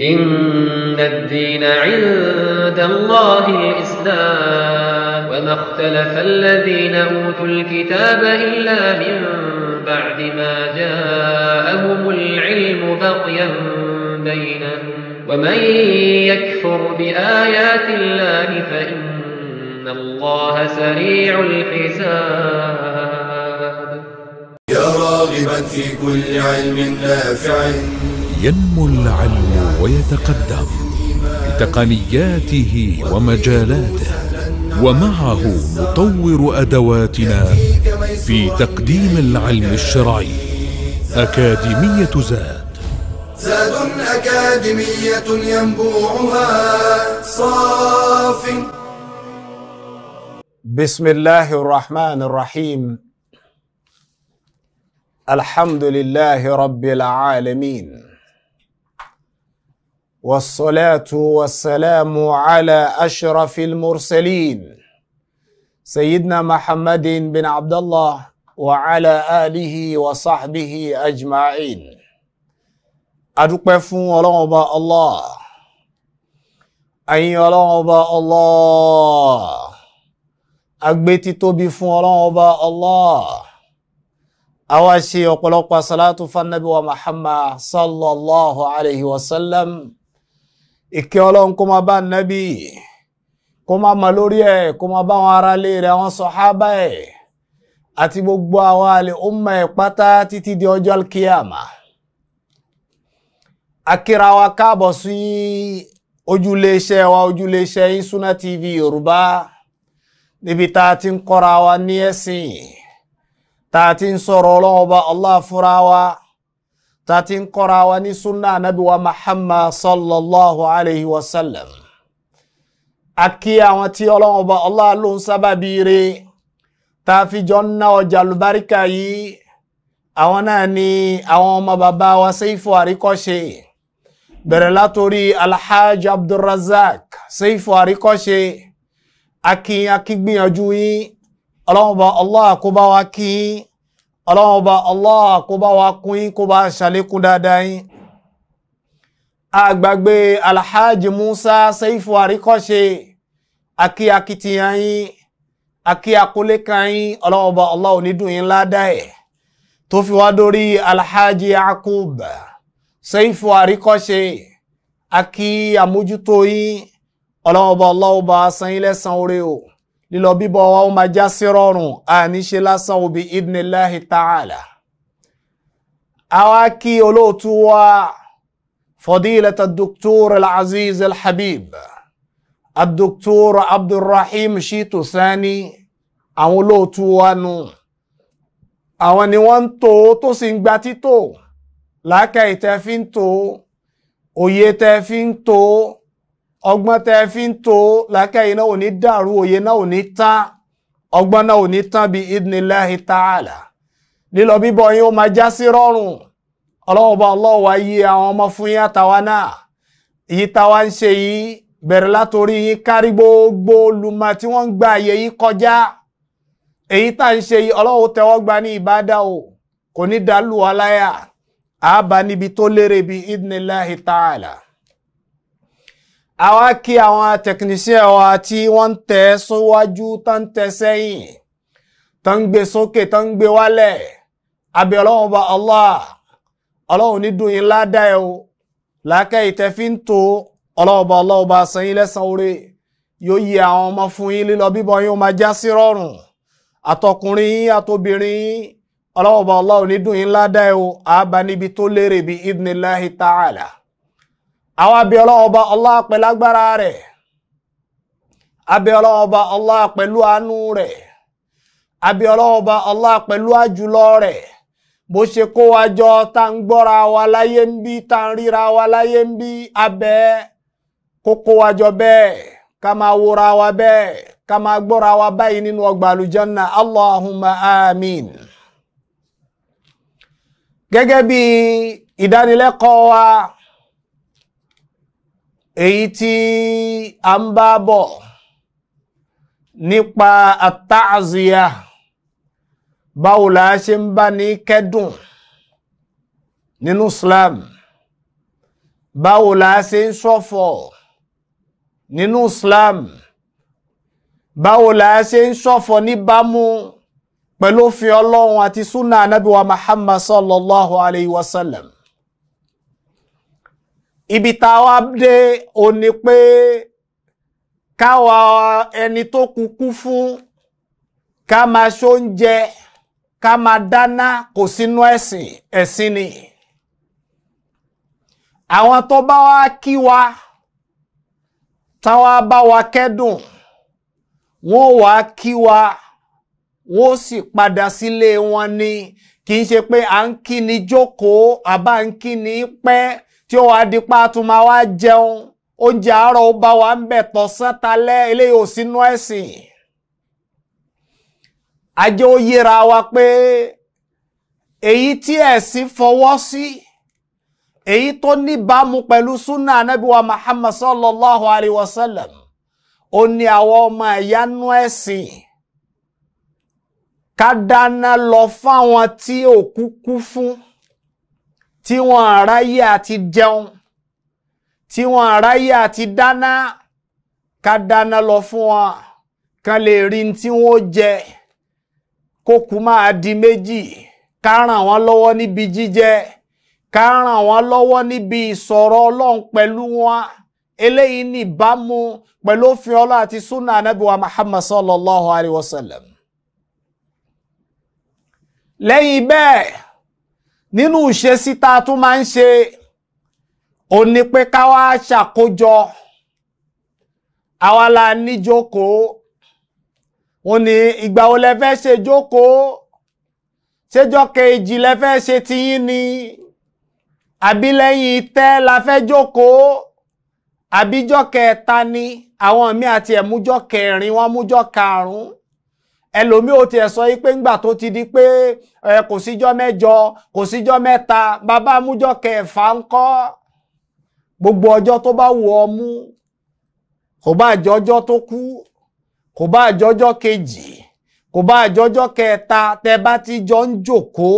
إن الدين عند الله الإسلام وما اختلف الذين أوتوا الكتاب إلا من بعد ما جاءهم العلم بغيا بينهم ومن يكفر بآيات الله فإن الله سريع الحساب يا راغبا في كل علم نافع ينمو العلم ويتقدم بتقنياته ومجالاته ومعه نطور أدواتنا في تقديم العلم الشرعي أكاديمية زاد زاد أكاديمية ينبوعها صاف بسم الله الرحمن الرحيم الحمد لله رب العالمين والصلاة والسلام على أشرف المرسلين سيدنا محمد بن عبد الله وعلى آله وصحبه أجمعين أدقف ولعب الله أي ولعب الله أقبتي توبي ولعب الله أواشي وقلق صلاة فالنبي ومحمد صلى الله عليه وسلم ìkẹ́ ọlọ́run kó máa bá nábì kó máa mọ lórí ẹ̀ kó máa bá àwọn aráalé rẹ̀ àwọn sọ̀hábà ẹ̀ àti gbogbo àwọn àlè ọmọ ẹ̀ pátá títí di ọjọ́ alkiyama akíra wa káàbọ̀ sí ojúléeṣẹ́ wa ojúléeṣẹ́ yín TV Yorùbá níbi tá a ti ń kọ́ra wa ní ẹ̀sìn tá a ti ń sọ̀rọ̀ ọlọ́run ọba Allah fúnra wa ta ti ń kọ́ra wa ní sunna anabi wa muhammad sallallahu alayhi wa sallam àkí àwọn tí ọlọ́run ọba Allah ló ń sábàbí re tá a fi jọ ń ná ọjà lùbáríkà yìí àwọn náà ni àwọn ọmọ bàbá wa Seifu Àríkọ́ṣe bẹ̀rẹ̀ látòrí alhaji abdulrazak Seifu Àríkọ́ṣe akínyàn kí gbìyànjú yín ọlọ́run ọba Allah kó wa kí ọlọ́run ọba allah kó bá wa kún yín kó bá ṣàlékún dáadáa yín àgbàgbé alhaji musa seifu àríkọ́ṣe akí akitiyan yín akí akólékan yín ọlọ́run ọba allah onídùn yín ládàá ẹ̀ tó fi wá dórí alhaji yakub seifu àríkọ́ṣe akí àmójútó yín ọlọ́run ọba allah ọba san yín o lílọ bíbọ̀ wa ó máa já sí rọrùn àníṣe lásán òbí idnillahi ta'ala àwa kí olóòtú wa fadilata dr al-aziz al-habib al-dr abdulrahim shitu sani àwọn olóòtú wa nù àwọn ni wọ́n ń tò tó sì ń gba títò làákàyè tẹ́ òye tẹ́ ọgbọ́n tẹ́ fi ń to làákàyè náà ò ní dàrú òye náà ò ní tán ọgbọ́n náà ò ní tán bí idnillahi ta'ala lílọ bíbọ̀ yín ó máa já sí rọrùn ọlọ́wọ́ba ọlọ́wọ́ ayé àwọn ọmọ fún yín àtàwa náà èyí táwa ń ṣe yìí bẹ̀rẹ̀ látòrí yín kárí gbogbo olùmọ̀ tí wọ́n ń gba àyè yìí kọjá èyí tá ń ṣe yìí ọlọ́wọ́ tẹ́wọ́ gba ní ìbádà o kò ní dàlú wa àbá níbi tó lérè bí idnillahi ta'ala àwa kí àwọn tẹkiníṣẹ́ wa tí wọ́n ń tẹ síwájú tó ń tẹ sẹ́yìn tó ń gbé sókè tó ń gbé wálẹ̀ abẹ́ ọlọ́run bá Allah ọlọ́run ní dùn yín ládàá ẹ̀ o làákẹ́ ìtẹ́ fi ń to ọlọ́run bá Allah bá san yín lẹ́san oore yóò yẹ àwọn ọmọ fún yín lílọ bíbọ yín ó máa já sí rọrùn àtọkùnrin yín àtobìnrin yín ọlọ́run bá Allah ní dùn yín ládàá o àbá níbi tó lérè bí idnillahi ta'ala àwọn abẹ ọlọ́wọ́ bá Allah pẹ̀lú agbára rẹ̀ abẹ ọlọ́wọ́ bá Allah pẹ̀lú àánú rẹ̀ abẹ ọlọ́wọ́ bá Allah pẹ̀lú àjùlọ rẹ̀ bó ṣe kó wa jọ tá ń gbọ́ra wa láyé ń bí tá ń ríra wa láyé ń bí abẹ kó kó wa jọ bẹ́ẹ̀ ká máa wora wa bẹ́ẹ̀ ká máa gbọ́ra wa báyìí nínú ọgbà àlùjànnà Allahumma amin gẹ́gẹ́ bí ìdánilẹ́kọ̀ọ́ wa èyí tí a ń bá bọ̀ nípa àtàzíyà báwo la ṣe ń bá ní kẹ́dùn nínú Islam báwo la ṣe ń ṣọ̀fọ̀ nínú Islam báwo la ṣe ń ṣọ̀fọ̀ níbàámu pẹ̀lú òfin Ọlọ́run àti súnà anábìwá Muhammad sallallahu alayhi wa sallam ibi tá a wá dé o ni pé káwa ẹni tó kúkú fún ká máa ṣóúnjẹ ká máa dáná kò sínú ẹ̀sìn ẹ̀sìn ni àwọn tó bá wá kí wa táwa bá wa kẹ́dùn wọ́n wá kí wa wọ́n sì padà sílé wọn ni kì í ṣe pé à ń kí ni jókòó àbá ń kí ni pẹ́ tí ó wá dípá tún máa wá jẹun oúnjẹ àárọ̀ ó bá wa ń bẹ̀ tọ̀sán eléyìí ò sínú ẹ̀sìn ajé ó awa wa pé èyí tí ẹ̀sìn fọwọ́ sí èyí tó níbàámu pẹ̀lú súnà anábíwá Muhammad sallallahu alayhi wa sallam ó ní ọmọ ẹ̀yà nú ẹ̀sìn ká dáná lọ fáwọn tí fún. tí wọ́n aráyé àti jẹun tí wọ́n aráyé àti dáná ká dáná lọ fún wọn kan lè rí tí wọ́n jẹ kókù máa di méjì ká ràn wọn lọwọ níbi jíjẹ ká ràn wọn lọwọ níbi ìsọ̀rọ̀ ọlọrun pẹlú wọn eléyìí ní ìbámu pẹ̀lú òfin Ọlọ́run àti sunna Ànábì wa Muhammad sallallahu alayhi wa sallam lẹ́yìn bẹ́ẹ̀. nínú ìṣesí tá a tún máa ń ṣe ó ní pé ká wá ṣàkójọ àwa la níjókòó ó ní ìgbà wo lẹ fẹ́ ṣe jókòó ṣéjọ́ kejì lẹ fẹ́ ṣe tiyín ni àbí lẹ́yìn tẹ́ la fẹ́ jókòó àbíjọ́ kẹta ni àwọn míì àti ẹ̀mújọ́ kẹrin wọ́n mújọ́ karùn-ún ẹlòmíì ó tiẹ̀ sọ yìí pé ńgbà tó ti di pé ẹ kò síjọ́ mẹ́jọ kò síjọ́ mẹ́ta bàbá amújọ́ kẹfà ń kọ́ gbogbo ọjọ́ tó bá wù ọ mú kò bá àjọjọ́ tó kú kò bá àjọjọ́ kejì kò bá àjọjọ́ kẹta tẹ bá ti jọ ń jókòó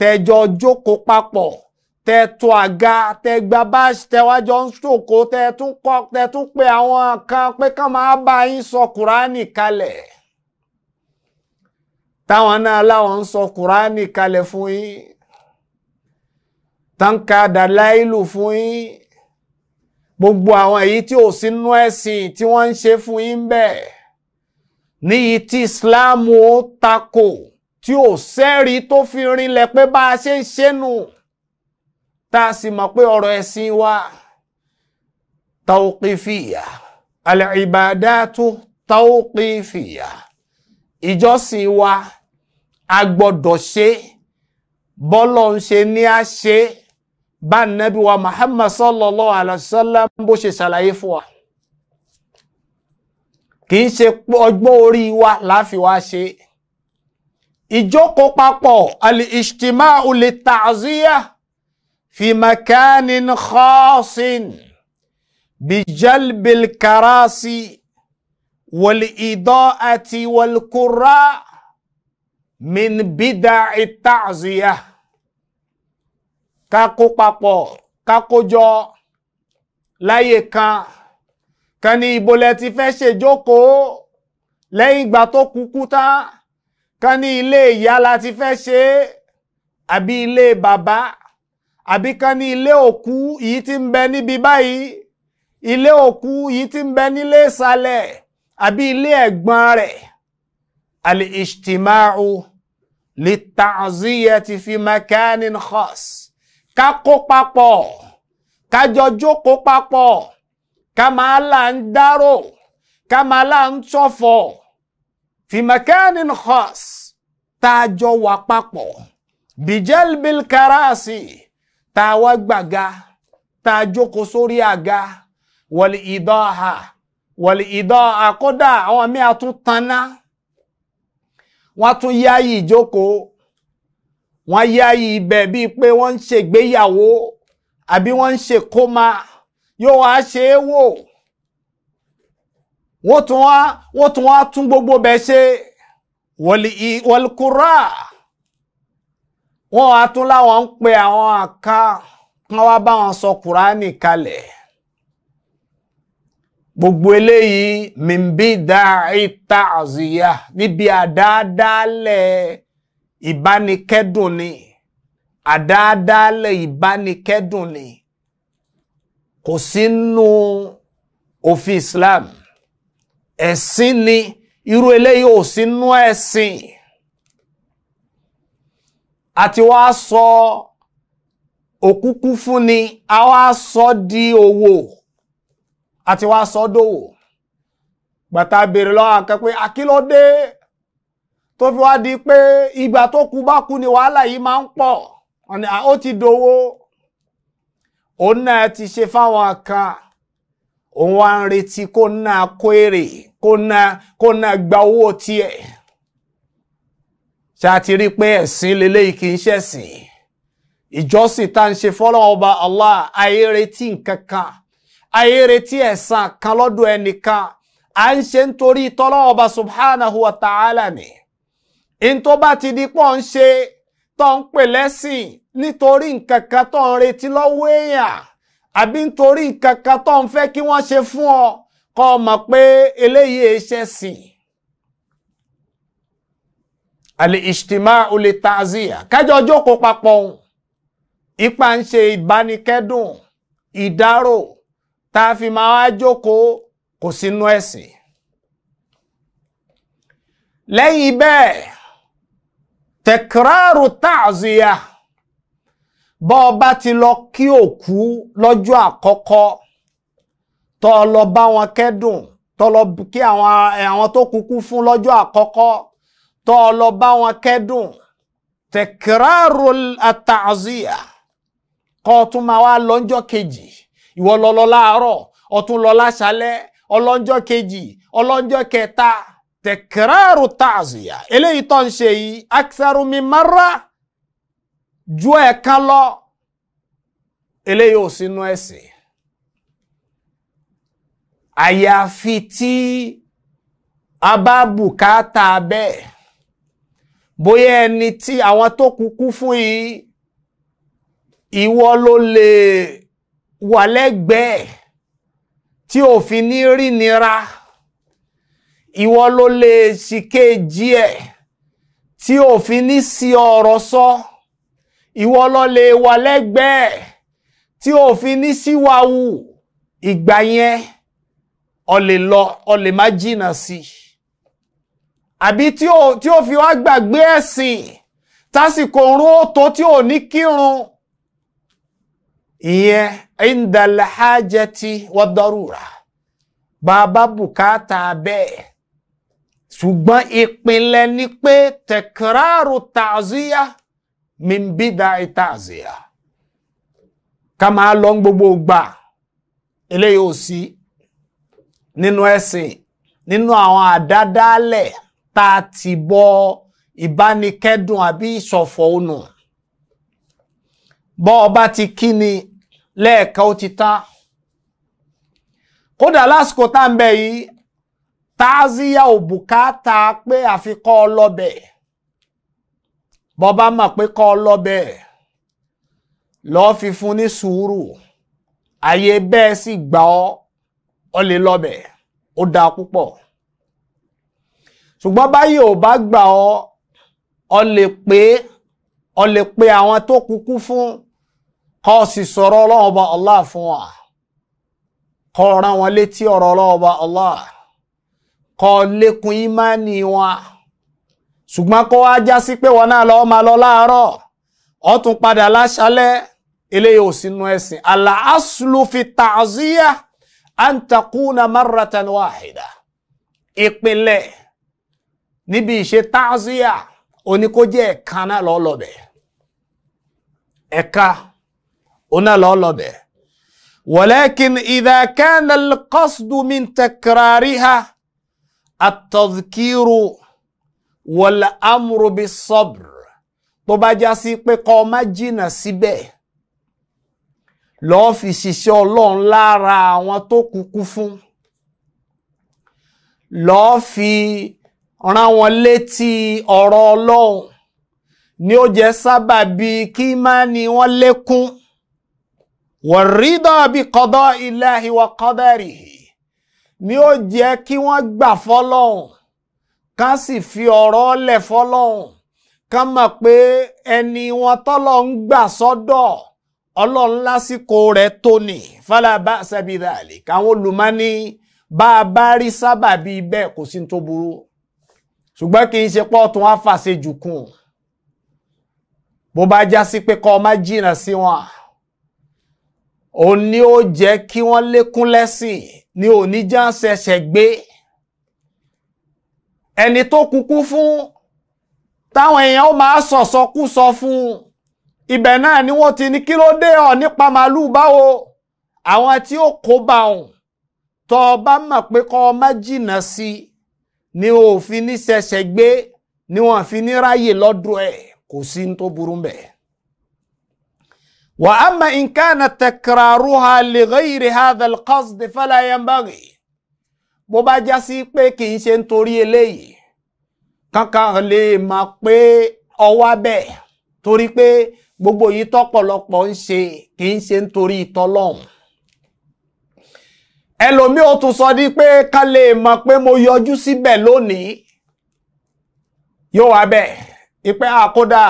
tẹjọ jókòó papọ̀ tẹ tó àga tẹ gba báṣ tẹwájọ ń ṣòkó tẹ tún pe àwọn kan pé kán máa bá yín sọ kùránì kalẹ̀ táwọn náà láwọn ń sọ kùránì kalẹ̀ fún yín táǹkà dàláìlù fún yín gbogbo àwọn èyí tí ò sínú ẹ̀sìn tí wọ́n ń ṣe fún yín bẹ́ẹ̀ níyì tí ìsìláàmù ó takò tí ò sẹ́rí tó fi rinlẹ̀ pé bá a ṣe ń ṣẹ́nu tá a sì mọ̀ pé ọ̀rọ̀ ẹ̀sìn wa tawqifiya al-ibadatu tawqifiya ìjọsìn wa. a gbọ́dọ̀ ṣe bọ́lọ̀ ń ṣe ní a ṣe bá nabi wa Muhammad sallallahu alaihi wasallam bó ṣe ṣàlàyé fún wa kì ṣe ogbo orí wa la fi wa ṣe ìjókòó al istima'u li ta'ziya fi makanin khasin bijalbil karasi wal-ida'ati wal-qurra' min bida'i ta'ziyah ká kó papọ̀ ká láyè kan kan ní ibo lẹ ti fẹ́ ṣèjókòó lẹ́yìn ìgbà tó kúkú tán kan ní ilé ìyá la ti fẹ́ ṣe àbí ilé bàbá àbí kan ní ilé òkú yìí ti ń bẹ níbi báyìí ilé òkú yìí ti ń bẹ nílé ìsàlẹ̀ àbí ilé ẹ̀gbọ́n rẹ̀ الاجتماع للتعزية في مكان خاص كاكو كقبقو كجوجو قبقو كما لاندارو كما لانتوفو في مكان خاص تاجو وقبقو بجلب الكراسي تاوغبغا تاجو قصورياغا والإضاءة والإضاءة قدا عوامي أتو wọ́n tún yáyì ìjókòó wọ́n yáyì ibẹ̀ bíi pé wọ́n ń ṣègbéyàwó àbí wọ́n ń ṣèkómà yóò wá ṣe é wò wọ́n tún wá wọ́n tún wá tún gbogbo bẹ̀ ṣe wọ̀lìkúrà wọ́n wá tún láwọn ń pe àwọn àka kan wá bá wọn sọ kùránì kalẹ̀ gbogbo eléyìí mímbídà ìtàzíyà níbi àdáadáalẹ̀ ìbánikẹ́dùn ni àdáadáalẹ̀ ìbánikẹ́dùn ni kò sínú òfin Islam ẹ̀sìn ni irú eléyìí ò sínú ẹ̀sìn àti wá sọ òkúkú fún ni a wá sọ di owó. So, àti wá sọ́dọ̀wò gbàtà béèrè lọ́wọ́ akẹ́ pé akílódé tó fi wá di pé ìgbà tó kú bá kú ni wàhálà yìí máa ń pọ̀ ó ti dowó òun náà ti ṣe fáwọn kan òun wá ń retí kó náà kó èrè kó náà kó náà gba owó tiẹ ṣe ti rí pé ẹ̀sìn lélẹ́yìí kì í ṣẹ̀sìn ìjọsìn tá à ń ṣe fọ́lọ́wọ́ ọba Allah àìrètí nǹkan kan. àyè retí ẹ̀san kan lọ́dọ̀ ẹnìkan à ń ṣe nítorí tọ́lọ́wọ́ ọba subhanahu wa ta'ala ni in tó bá ti di pọ̀ ń ṣe tó ń pè lẹ́sìn nítorí nǹkan kan tó ń retí lọ́wọ́ èèyàn àbí nítorí nǹkan kan tó ń fẹ́ kí wọ́n ṣe fún ọ kó o mọ̀ pé eléyìí e ṣe sìn. al-ijtima'u li ta'ziya kájọ jókòó papọ̀ ipa ń ṣe ìbánikẹ́dùn ìdárò tá a fi máa wá jókòó kò sínú ẹ̀sìn. lẹ́yìn bẹ́ẹ̀ tẹ̀kíráàrù tààzìyà bọ́ ọ bá ti lọ kí òkú lọ́jọ́ àkọ́kọ́ tọ́ ọ lọ bá wọn kẹ́dùn tọ́ ọ lọ kí àwọn tó kúkú fún lọ́jọ́ àkọ́kọ́ tọ́ ọ lọ bá wọn kẹ́dùn tẹ̀kíráàrù àtàzìyà kọ́ ọ tún máa wá lọ́jọ́ kejì ìwọ lọ lọ láàárọ̀ ọ̀tún lọ láṣálẹ́ ọlọ́njọ́ kejì ọlọ́njọ́ kẹta tẹkẹrẹrù tààzùyà eléyìí tó ń ṣe yìí akisarumi mara ju ẹ̀kan lọ eléyìí ò sínú ẹ̀sìn àyàfi tí a bá bùkátà bẹ́ẹ̀ bóyá ẹni tí àwọn tó kúkú fún yìí ìwọ ló lè. Le wà lẹ́gbẹ̀ẹ́ tí ò ní rí nira ìwọ ló lè ṣìkejì ẹ̀ tí ò fi ní sí ọ̀rọ̀ sọ ìwọ ló lè wà lẹ́gbẹ̀ẹ́ tí ò ní síwáwù ìgbà yẹn ọ lọ ọ má jìnnà sí i àbí tí ò wá gbàgbé ẹ̀sìn tásìkò òórùn ó tó tí ò ní kírun ìyẹn indalhajati wadarura bàbá bùkátà bẹ́ẹ̀ ṣùgbọ́n ìpìlẹ̀ ni pé tẹ̀kíráàrù tààzíyá mímbídà tààzíyá ká máa lọ gbogbo gbà eléyìí ò sí nínú ẹ̀sìn nínú àwọn àdádálẹ̀ tá a ti bọ ìbánikẹ́dùn àbí ìṣọ̀fọ̀ ònà. bọ́ ọba ti kí ni lẹ́ẹ̀kan ó ti tán kódà lásìkò tá ń bẹ yìí táàzíyà ò bùkátà pé àfikọ́ ọlọ́bẹ̀ bọ́ba mọ̀ pé kọ́ ọlọ́bẹ̀ lọ́ọ́ fi fún ní sùúrù àyè bẹ́ẹ̀ sì gbà ọ́ ọ lè lọ́bẹ̀ ó dáa púpọ̀ ṣùgbọ́n báyìí ò bá gbà ọ́ ọ lè pé ọ lè pé àwọn tó kúkú fún kọ́ ọ sì sọ̀rọ̀ ọlọ́run ọba Allah fún wa kọ́ ọ rán wọn létí ọ̀rọ̀ ọlọ́run ọba Allah kọ́ ọ lékun ìmánì wọn ṣùgbọ́n kó wá já sí pé wọn náà lọ́ọ́ máa lọ láàárọ̀ ọ tún padà láṣálẹ́ eléyìí ò sínú ẹ̀sìn àlà aslu fi ta'ziya an takuna marratan wahida ìpìlẹ̀ níbi ìṣe ta'ziya oníkó jẹ́ ẹ̀ka náà lọ́ọ́ lọ́bẹ̀ ẹ̀ka ona lọ lọbẹ walakin idha kana alqasdu min takrariha atadhkiru wal amru bisabr tó bá já sí pé kó má jìnnà síbẹ̀ lọ́ọ́ fi ṣiṣẹ́ ọlọ́run lára àwọn tó kúkú fún lọ́ọ́ fi rán wọn létí ọ̀rọ̀ ọlọ́run ni ó jẹ́ sábàbí kí má ni wọ́n lékún wàrídà bí kọ́dọ̀ ilahi wa qadarihi ni ó jẹ́ kí wọ́n gbà fọ́lọ́hùn ká sì fi ọ̀rọ̀ lẹ̀ fọ́lọ́hùn ká mọ̀ pé ẹni wọn tọ́lọ̀ ń gbà sọ́dọ̀ ọlọ́run lásìkò rẹ̀ tó ní fala ba'sa bi olùmọ́ni bá a bá rí sábàbí bẹ́ẹ̀ kò sí tó burú ṣùgbọ́n kì í ṣe pọ́ tún wá fàṣejù kùn bó bá já sí pé kọ́ ọ má jìnnà sí wọn òun ni ó jẹ́ kí wọ́n lékún lẹ́sìn ní oníjà ṣẹ̀ṣẹ̀ gbé ẹni tó kúkú fún táwọn èèyàn ó máa sọ̀sọ́kú sọ fún ibẹ̀ náà ni wọ́n ti ní kí ló dé ọ̀ nípa màálù báwo àwọn tí ó kó bá òun tọ́ ọ bá mọ̀ pé kọ́ ọ má jìnnà sí i ni òfin ní ṣẹ̀ṣẹ̀ gbé ni wọ́n fi ní ráyè lọ́dọ̀ ẹ̀ kò sí ní tó burú bẹ́ẹ̀. وأما إن كان تكرارها لغير هذا القصد فلا ينبغي bó bá já sí pé kì í ṣe nítorí eléyìí kankan lè máa pé ọwá bẹ́ẹ̀ torí pé gbogbo yìí tọ́pọ̀lọpọ̀ ń ṣe kì í ṣe nítorí ìtọ́lọ́hún ẹlòmíì ó tún sọ di pé ká lè mọ̀ pé mo yọjú síbẹ̀ lónìí yóò wá bẹ́ẹ̀ ìpẹ́ àkódà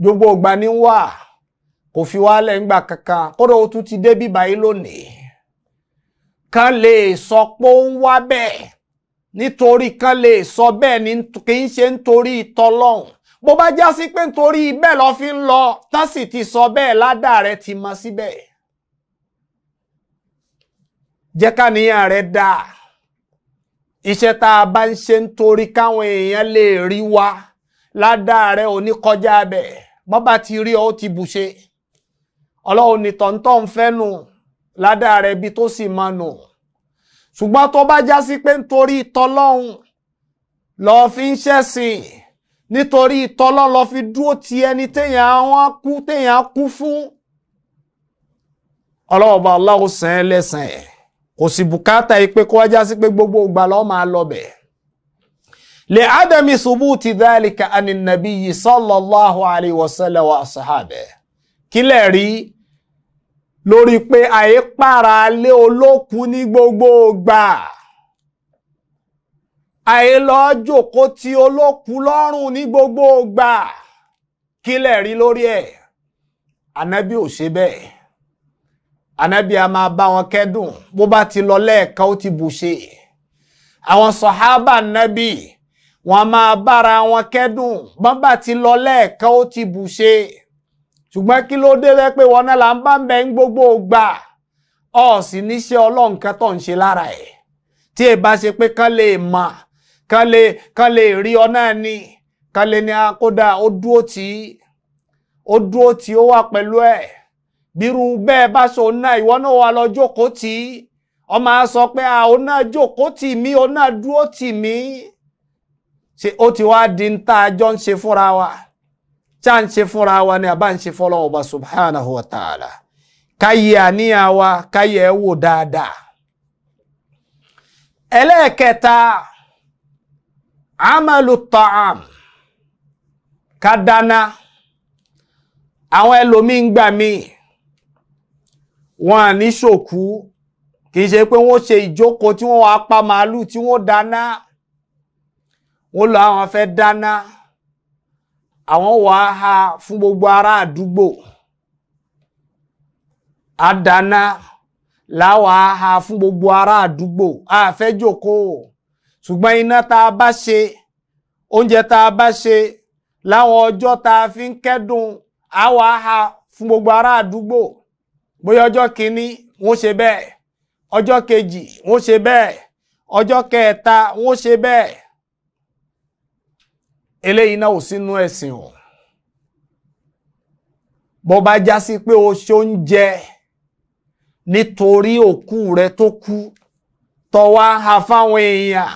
gbogbo ìgbà ni wà kò fi wálẹ̀ ńgbà kankan kódà ó tún ti dé bíbá yìí lónìí kan lè sọ pé ó ń wá bẹ́ẹ̀ nítorí kan lè sọ bẹ́ẹ̀ ni kì í ṣe nítorí tọlọ́hun bó bá já sí pé nítorí bẹ́ẹ̀ lọ fi ń lọ tán sì ti sọ bẹ́ẹ̀ ládàá rẹ ti mọ síbẹ̀ jẹ́ káníyàn rẹ dáa iṣẹ́ tá a bá ń ṣe nítorí káwọn èèyàn lè rí wa ládàá rẹ ò ní kọjá bẹ́ẹ̀ bọ́ bá ti rí ọ ó ti bù ṣe ọlọ́run ní tọ̀ntọ̀ ń fẹ́nu ládàá rẹ̀ bí tó sì máa nù ṣùgbọ́n tó bá já sí pé nítorí tọlọ́hun lọ́ọ́ fi ń ṣẹ̀sìn nítorí tọlọ́hun lọ́ọ́ fi dúró ti ẹni téèyàn wọn kú téèyàn kú fún ọlọ́run bá ọlọ́run sàn ẹ́ lẹ́sàn ẹ̀ kò sì bùkátà yìí pé kó wá já sí pé gbogbo ìgbà lọ́ọ́ máa lọ bẹ̀. lè ádámì ṣubú ti dhalika àní nàbí yìí sallallahu alayhi wa sallam wa sahabe kílẹ̀ rí lórí pé àìpára lé olókun ní gbogbo ìgbà àìlọ́jòkó ti olókun lọ́rùn ní gbogbo ìgbà kílẹ̀ rí lórí ẹ̀ ànábì ò ṣe bẹ́ẹ̀ ànábì a máa bá wọn kẹ́dùn bó bá ti lọ lẹ́ẹ̀kan ó ti bù ṣe àwọn sọ̀hábà nábì wọ́n máa bára wọn kẹ́dùn bọ́n bá ti lọ lẹ́ẹ̀kan ó ti bù ṣe. ṣùgbọ́n kí ló dé bẹ́ẹ̀ pé wọn gbogbo gbà ọ sì níṣẹ́ ọlọ́run kan tó ń ṣe lára ẹ̀ tí ẹ bá ṣe pé kán lè mà kán lè kán lè rí ọ náà ni kán lè ní akódà ah, ó dúró tí ó dúró tí ó wà pẹ̀lú ẹ̀ bírú bẹ́ẹ̀ bá ṣe òun náà ìwọ ọ máa sọ pé ah, òun náà jókòó tì mí òun náà dúró tì mí ṣe ó ti wá di ṣe fúnra tsantsefɔla awa ni a bá ń sefɔla o ba subhanahu wa ta'ala ka yẹ wa ka yẹ wò dáadáa ẹlẹ́ẹ̀kẹta amalu ta'am ka dáná àwọn ẹlòmíín gbà míì wọn à ní ṣòkú kì í se pé ṣe àwọn wàá ha fún gbogbo ará àdúgbò àdáná láwàá ha fún gbogbo ará àdúgbò àfẹ́ ṣùgbọ́n iná tá a bá ṣe oúnjẹ tá a bá ṣe láwọn ọjọ́ tá fi ń kẹ́dùn àwàá ha fún gbogbo ará àdúgbò bóyá ọjọ́ kìíní wọ́n ṣe bẹ́ẹ̀ ọjọ́ kejì wọ́n ṣe kẹta wọ́n ṣe eléyìí náà ò sínú ẹ̀sìn o bó bá já sí pé o ṣe oúnjẹ nítorí òkú rẹ tó kú tọwá ha fáwọn èèyàn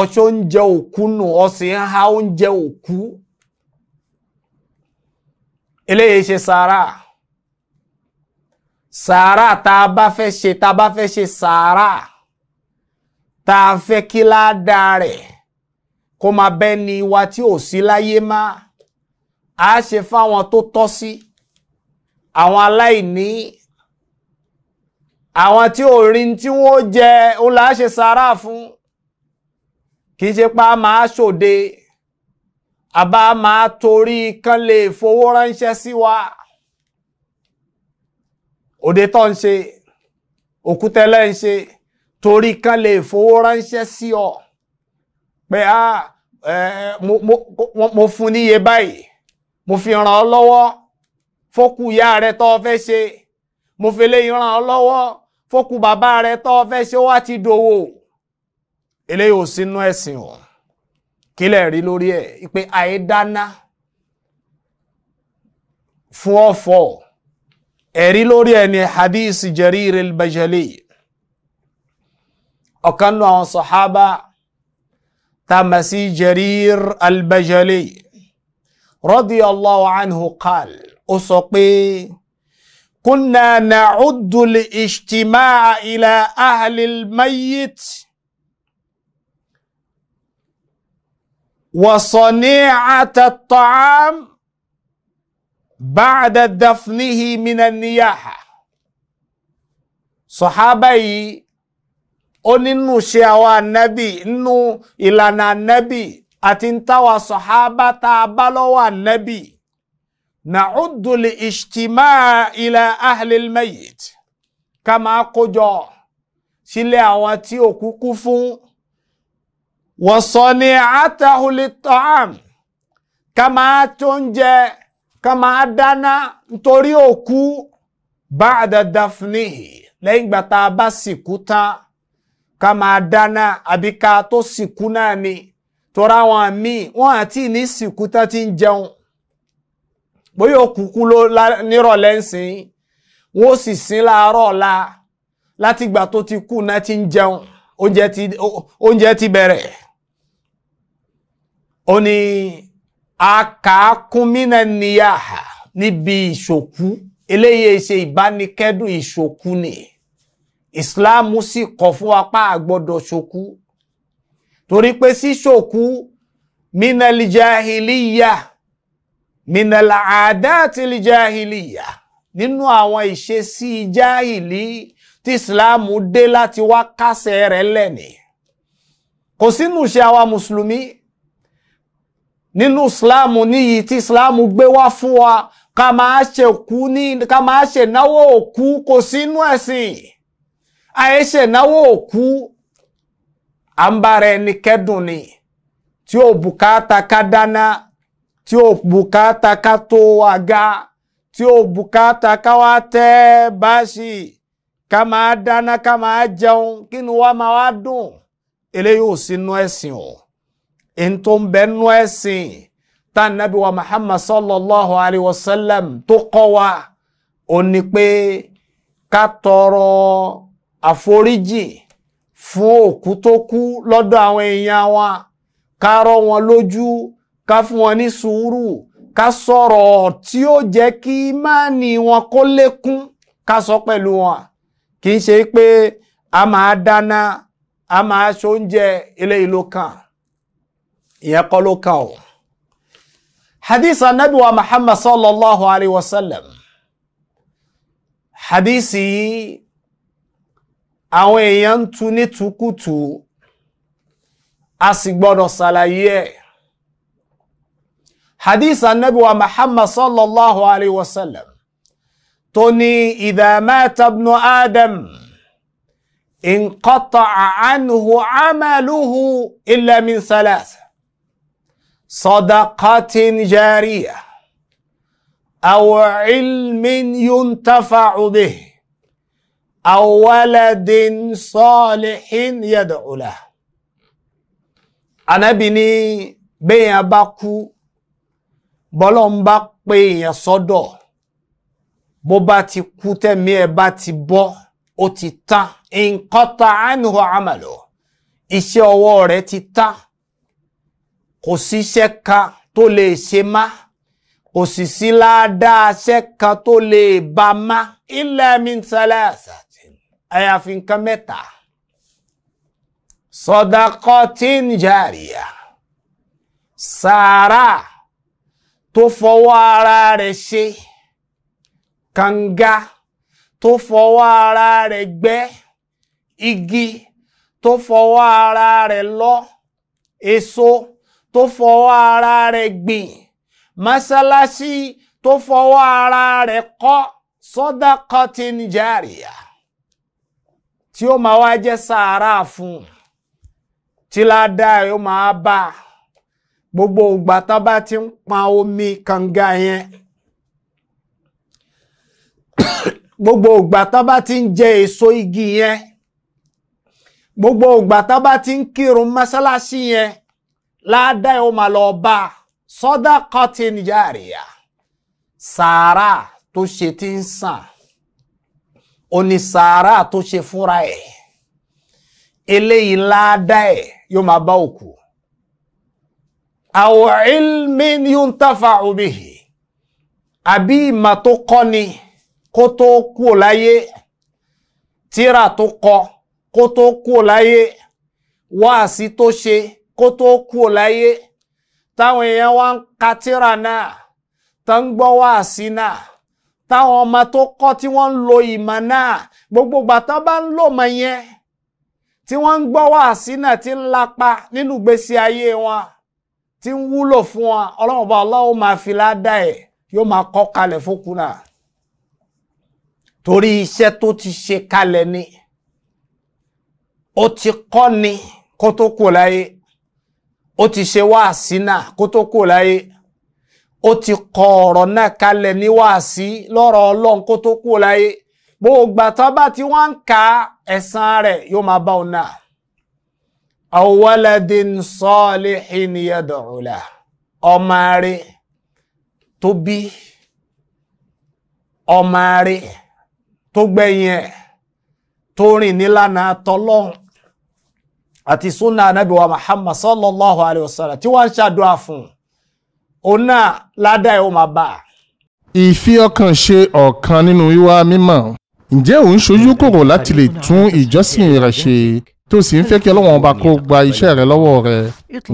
ọṣọ oúnjẹ òkú nù ọsìn ha oúnjẹ òkú eléyìí ṣe sàárà sàárà tá a bá fẹ́ ṣe tá a bá fẹ́ ṣe sàárà tá a fẹ́ kí ládàá rẹ̀ kó máa bẹ́ ni wa tí ò sí láyé má a ṣe fáwọn tó tọ́ sí àwọn aláìní àwọn tí ò rí tí wọ́n jẹ òun là á ṣe sàárà fún kì í ṣe pa máa ṣòde àbá máa torí kan lè fowó ránṣẹ́ sí wa òde tó ń ṣe òkútẹ́lẹ̀ ń ṣe torí kan lè fowó ránṣẹ́ sí ọ pé a ah, ẹ mo mo mo fún níye báyìí mo fi ràn ọ́ lọ́wọ́ fókù ìyá rẹ tó fẹ́ ṣe mo fi léyìn ràn ọ́ lọ́wọ́ fókù bàbá rẹ tó fẹ́ ṣe wá ti dòwò eléyìí ò sínú ẹ̀sìn o kílẹ̀ rí lórí ẹ̀ pé àìdáná fún ọ̀fọ̀ ẹ̀rí lórí ẹ̀ ní hadith Jarir al ọ̀kan nù àwọn sàhábà. تمسي جرير البجلي رضي الله عنه قال أسقي كنا نعد الاجتماع إلى أهل الميت وصنيعة الطعام بعد دفنه من النياحة صحابي ó nínú ṣe àwọn ànábì nínú ìlànà ànábì àti ń táwa sọ̀hábà tá a bá lọ́wọ́ ànábì na'uddu li ijtima ila ahli al-mayyit ká máa kójọ sílé àwọn tí òkú kú fún wa sani'atahu ká máa tó ká máa dáná nítorí òkú ba'da dafnihi lẹ́yìn ìgbà tá a bá tán ká máa dáná àbí ká tó sìnkú náà ni tọ́ra wọn míì wọn àti ní sìnkú tán ti ń jẹun bóyá òkùnkùn ló nírọ̀lẹ́ ń sìn wọn ó sì sin láàárọ̀ ọ̀la láti ìgbà tó ti kú náà ti ń jẹun oúnjẹ ti bẹ̀rẹ̀ ó ní akàákúnmínà níyà níbi ìṣòkú eléyìí ṣe ìbánikẹ́dùn ìṣòkú ni ìsìláàmù sì kọ̀ fún apá àgbọ́dọ̀ ṣòkú torí pé síṣòkú minal jahiliya minal àdátil jahiliya nínú àwọn ìṣesí jahili tí ìsìláàmù dé láti wá kásẹ̀ rẹ̀ lẹ́ni kò sínú ṣe àwa mùsùlùmí nínú ìsìláàmù níyì tí ìsìláàmù gbé wá fún wa ká máa ṣe náwó òkú kò sínú ẹ̀sìn. àìṣe ìnáwó òkú à ń bára ẹni kẹ́dùn ni tí ò bùkátà ká dáná tí ò bùkátà ká tó àga tí ò bùkátà ká wá tẹ́ báṣì ká máa dáná ká máa jẹun kí ni wá máa wá dùn eléyìí ò sí nú ẹ̀sìn o èyí tó ń bẹ nú ẹ̀sìn tá nàbí wa Muhammad sallallahu alayhi wa sallam tó kọ́ wa ó ní pé ká tọrọ. àforíjì fún òkú tó kú lọ́dọ̀ àwọn èèyàn wa ká rọ́ wọn lójú ká fún wọn ní sùúrù ká sọ̀rọ̀ je ó jẹ́ kí ìmánì wọn kó lékún ká sọ pẹ̀lú wọn kì a máa dáná a máa ṣoúnjẹ eléyìí ló kàn ìyẹn kọ́ ló kàn o. hadith anabi wa muhammad sallallahu alayhi wa sallam hadith àwọn èèyàn ń tu ní tukutu a sì gbọ́dọ̀ ṣàlàyé ẹ̀ hadith anabi wa muhammad sallallahu alayhi wa sallam tó ní idha mata ibnu adam inqata'a anhu amaluhu illa min thalatha sadaqatin jariyah ilmin yuntafa bihi. أو ولد صالح يدعو له أنا بني béèyàn bá kú bọ́lọ́n bá pé èèyàn sọ́dọ̀ bó bá ti kú tẹ̀mí ẹ̀ bá ti bọ́ ó ti tán inqata anhu amalu iṣẹ́ ọwọ́ rẹ̀ ti tán kò síṣẹ́ kan tó lè ṣe má kò sì sí ládàáṣẹ́ kan tó lè bá má illa min salasat àyàfi nǹkan mẹ́ta sọdakọtín jàríà sàárà tó fọwọ́ ara rẹ̀ ṣe kànga tó fọwọ́ ara rẹ̀ gbẹ́ igi tó fọwọ́ ara rẹ̀ lọ èso tó fọwọ́ ara rẹ̀ gbìn mọ́sálásí tó fọwọ́ ara rẹ̀ kọ́ sọdakọtín jàríà tí ó máa wá jẹ́ sàárà fún tí ládàá rẹ̀ ó máa bá gbogbo ìgbà tán bá ti ń pọn omi kànga yẹn gbogbo ìgbà tán bá ti ń jẹ èso igi yẹn gbogbo ìgbà tán bá ti ń kírun mọ́sálásí yẹn ládàá rẹ̀ máa lọ bá sọ́dá kọ́tìn yàrá sàárà tó ṣe ti ń sàn òní sàárà tó ṣe fúnra ẹ̀ eléyìí láàdá ẹ̀ yóò máa bá òkú aw ilmin yuntafa'u bihi àbí ìmà tó kọ́ ni kó tó kú láyé tíra tó kọ kó tó kú láyé wáàsí tó ṣe kó tó kú láyé táwọn èèyàn wá ń ka tíra náà tó ń gbọ́ wáàsí náà táwọn ọmọ tó kọ́ tí wọ́n ń lo ìmọ̀ náà gbogbo ìgbà tán bá ń lò mọ̀ yẹn tí wọ́n ń gbọ́ wàásí náà tí ń lapa nínú ìgbésí ayé wọn tí ń wúlò fún wọn ọlọ́run bá ọlọ́run máa fi ládà ẹ̀ yóò máa kọ́ kalẹ̀ fókun náà torí iṣẹ́ tó ti ṣe kalẹ̀ ni ó ti kọ́ ni kó tó kù láyé ó ti ṣe wàásí náà kó tó kù láyé. ó ti kọ ọ̀rọ̀ náà kalẹ̀ ní lọ́rọ̀ ọlọ́run kó tó kú láyé gbogbo àtàbà ka ẹ̀san rẹ̀ yóò máa bá òun náà. awaladin salihin yad'u lah ọmọ rẹ̀ tó bí ọmọ rẹ̀ tó gbẹ̀yìn ẹ̀ tó nílànà àti muhammad sallallahu alayhi wa sallam tí wọ́n ń ṣàdúrà òun náà ládàá ẹ̀ ó máa bá a. ìfi ọkàn ṣe ọ̀kan nínú wíwá mímọ́ ǹjẹ́ òun ṣojú kòkò láti lè tún ìjọsìn rẹ̀ ṣe tó sì ń fẹ́ kí ọlọ́wọ́n ọba kó gba iṣẹ́ rẹ lọ́wọ́ rẹ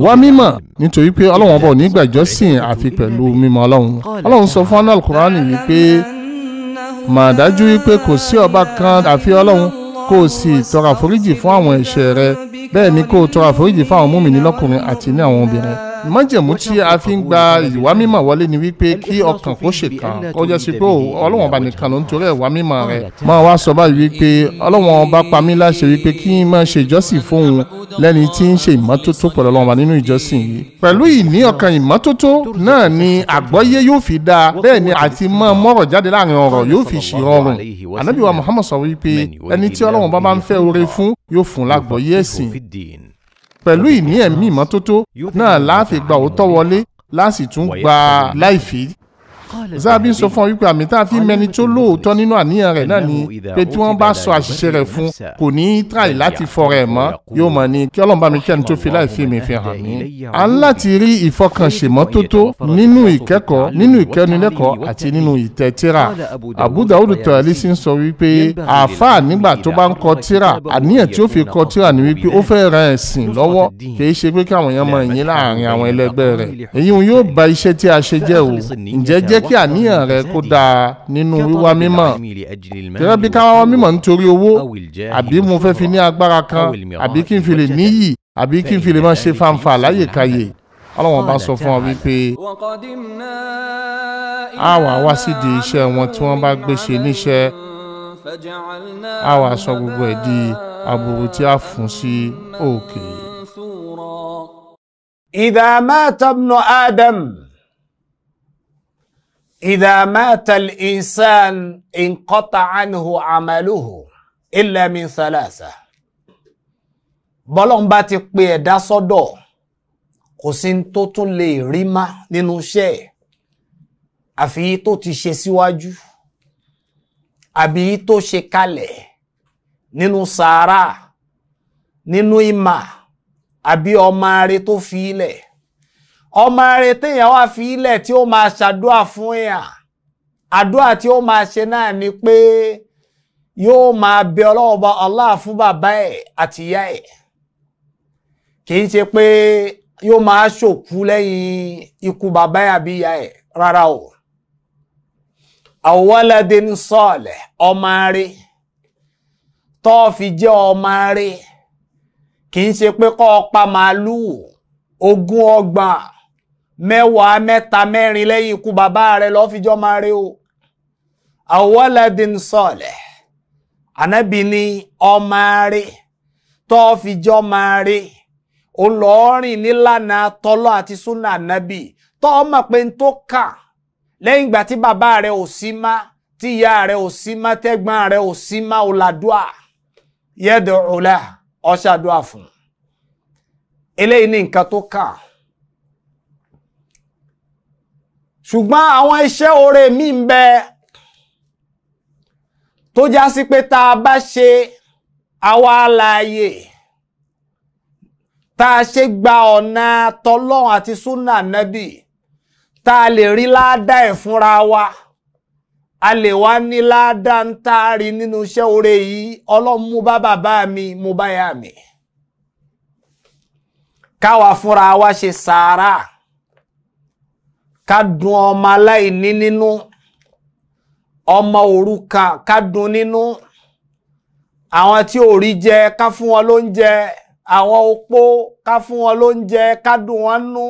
wá mímọ̀ nítorí pé ọlọ́wọ́n ọba ò ní gbà ìjọsìn àfi pẹ̀lú mímọ̀ ọlọ́run ọlọ́run sọ fún anal Kùránì wípé mà dájú wípé kò sí ọba kan àfi ọlọ́run kó o sì tọrọ àforíjì fún àwọn ẹ̀ṣẹ̀ rẹ bẹ́ẹ̀ ni kó o tọrọ àforíjì fún àwọn múmi ní àti ní àwọn obìnrin májẹ̀mú tí a fi ń gba ìwà mímọ́ wọlé ni wípé kí ọkàn kó ṣèkà ó jẹ́ sí pé ọlọ́wọ́n ọba nìkan ló ń torí ìwà mímọ́ rẹ̀ máa wá sọ báyìí wípé ọlọ́wọ́n ọba pa mí láṣẹ wípé kí n máa ṣe ìjọsìn fóun lẹ́ni tí ń ṣe ìmọ́tótó pẹ̀lú ọlọ́wọ́n ọba nínú ìjọsìn yìí pẹ̀lú ìní ọkàn ìmọ́tótó náà ni àgbọ́yé yóò fi dáa bẹ́ẹ̀ ni àti máa mọ́rọ̀ jáde láàrin ọ̀rọ̀ yóò fi ṣì Muhammad sọ wípé ẹni tí ọlọ́wọ́n bá máa pẹ̀lú ìní ẹ̀mí ìmọ́tótó náà láàfin gba òótọ́ wọlé láà sì tún gba láìfi zabi sọ fún ọ wípé àmì tá a fi mẹni tó lóòótọ́ nínú àníyàn rẹ̀ náà ni pé tí wọ́n bá sọ àṣìṣe rẹ̀ fún kò ní í tàì láti fọ̀rọ̀ ẹ̀ mọ́ yóò mọ̀ ni kí ọlọ́run bá mi kẹ́ni tó fi láì fi mi fi hàn mí. a ń láti rí ìfọkànṣèmọ́tótó nínú ìkẹ́kọ̀ọ́ nínú ìkẹ́nulẹ́kọ̀ọ́ àti nínú ìtẹ̀ tíra Abu Dawud Tayalisi ń sọ wípé àáfàá nígbà tó bá ń kọ tíra àníyàn tí ó fi kọ ni wípé ó fẹ́ ran ẹ̀sìn lọ́wọ́ kì í ṣe pé káwọn èèyàn mọ ìyín láàrin àwọn ẹlẹgbẹ́ rẹ̀ èyí yóò ba a ṣe jẹ́ o ǹjẹ́ kí àníyàn rẹ kó dáa nínú wíwá mímọ̀ gẹ́gẹ́ bí káwá mímọ̀ nítorí owó àbí mo fẹ́ fi ní agbára kan àbí kí n fi lè níyì àbí kí n fi lè máa ṣe fanfa láyèkáyè ọlọ́wọ́n bá sọ fún wa wípé a wà wá sídìí iṣẹ́ wọn tí wọ́n bá gbé ṣe níṣẹ́ a wà sọ gbogbo ẹ̀ di aburú tí a fún sí òkè. إذا مات ابن آدم إذا مات الإنسان انقطع عنه عمله إلا من ثلاثة bọ́lọ́n bá ti pe ẹ̀dá sọ́dọ̀ kò sí ní tó tún lè rí má nínú iṣẹ́ ẹ̀ àfi tó ti ṣe síwájú àbí tó ṣe kalẹ̀ nínú sàárà nínú ìmà àbí ọmọ rẹ̀ tó fi ilẹ̀ ọmọ rẹ téèyàn wá fi ilẹ̀ tí ó máa ṣàdúà fún èèyàn àdúà tí ó máa ṣe náà ni pé yóò máa bẹ ọlọ́wọ́ bá fún bàbá ẹ̀ àti ìyá ẹ̀ kì í ṣe pé yóò máa ṣòkú lẹ́yìn ikú bàbá ẹ̀ àbí ìyá ẹ̀ rárá o àwọlẹ́dín sọ̀lẹ̀ ọmọ rẹ tó fi jẹ́ ọmọ rẹ kì í ṣe pé mẹ́wàá mẹ́ta mẹ́rin lẹ́yìn ikú bàbá rẹ̀ máa o awaladin salih ànábì ni ọmọ rẹ̀ tọ́ọ́ máa o nílànà tọ́lọ́ àti súnà ànábì tọ́ọ́ mọ̀ pé n tó kà lẹ́yìn ìgbà tí bàbá rẹ̀ ò sí má tí ìyá rẹ̀ ò sí má tẹ́gbọ́n rẹ̀ ò sí ṣùgbọ́n àwọn iṣẹ́ oore mi ń bẹ tó já sí pé tá a bá ṣe àwa láàyè tá a ṣe gba ọ̀nà tọlọ́run àti súnà nẹ́bì tá a lè rí ládàá ẹ̀ fúnra wa a lè wá ní ládàá ń taari nínú iṣẹ́ oore yìí ọlọ́run mú bá bàbá mi mú bá yá mi káwa fúnra wa ṣe sàárà ká dun ọmọ aláìní nínú ọmọ òrukàn ká dun nínú àwọn tí ò rí jẹ ká fún wọn lóúnjẹ àwọn opó ká fún wọn lóúnjẹ ká dùn wọn nú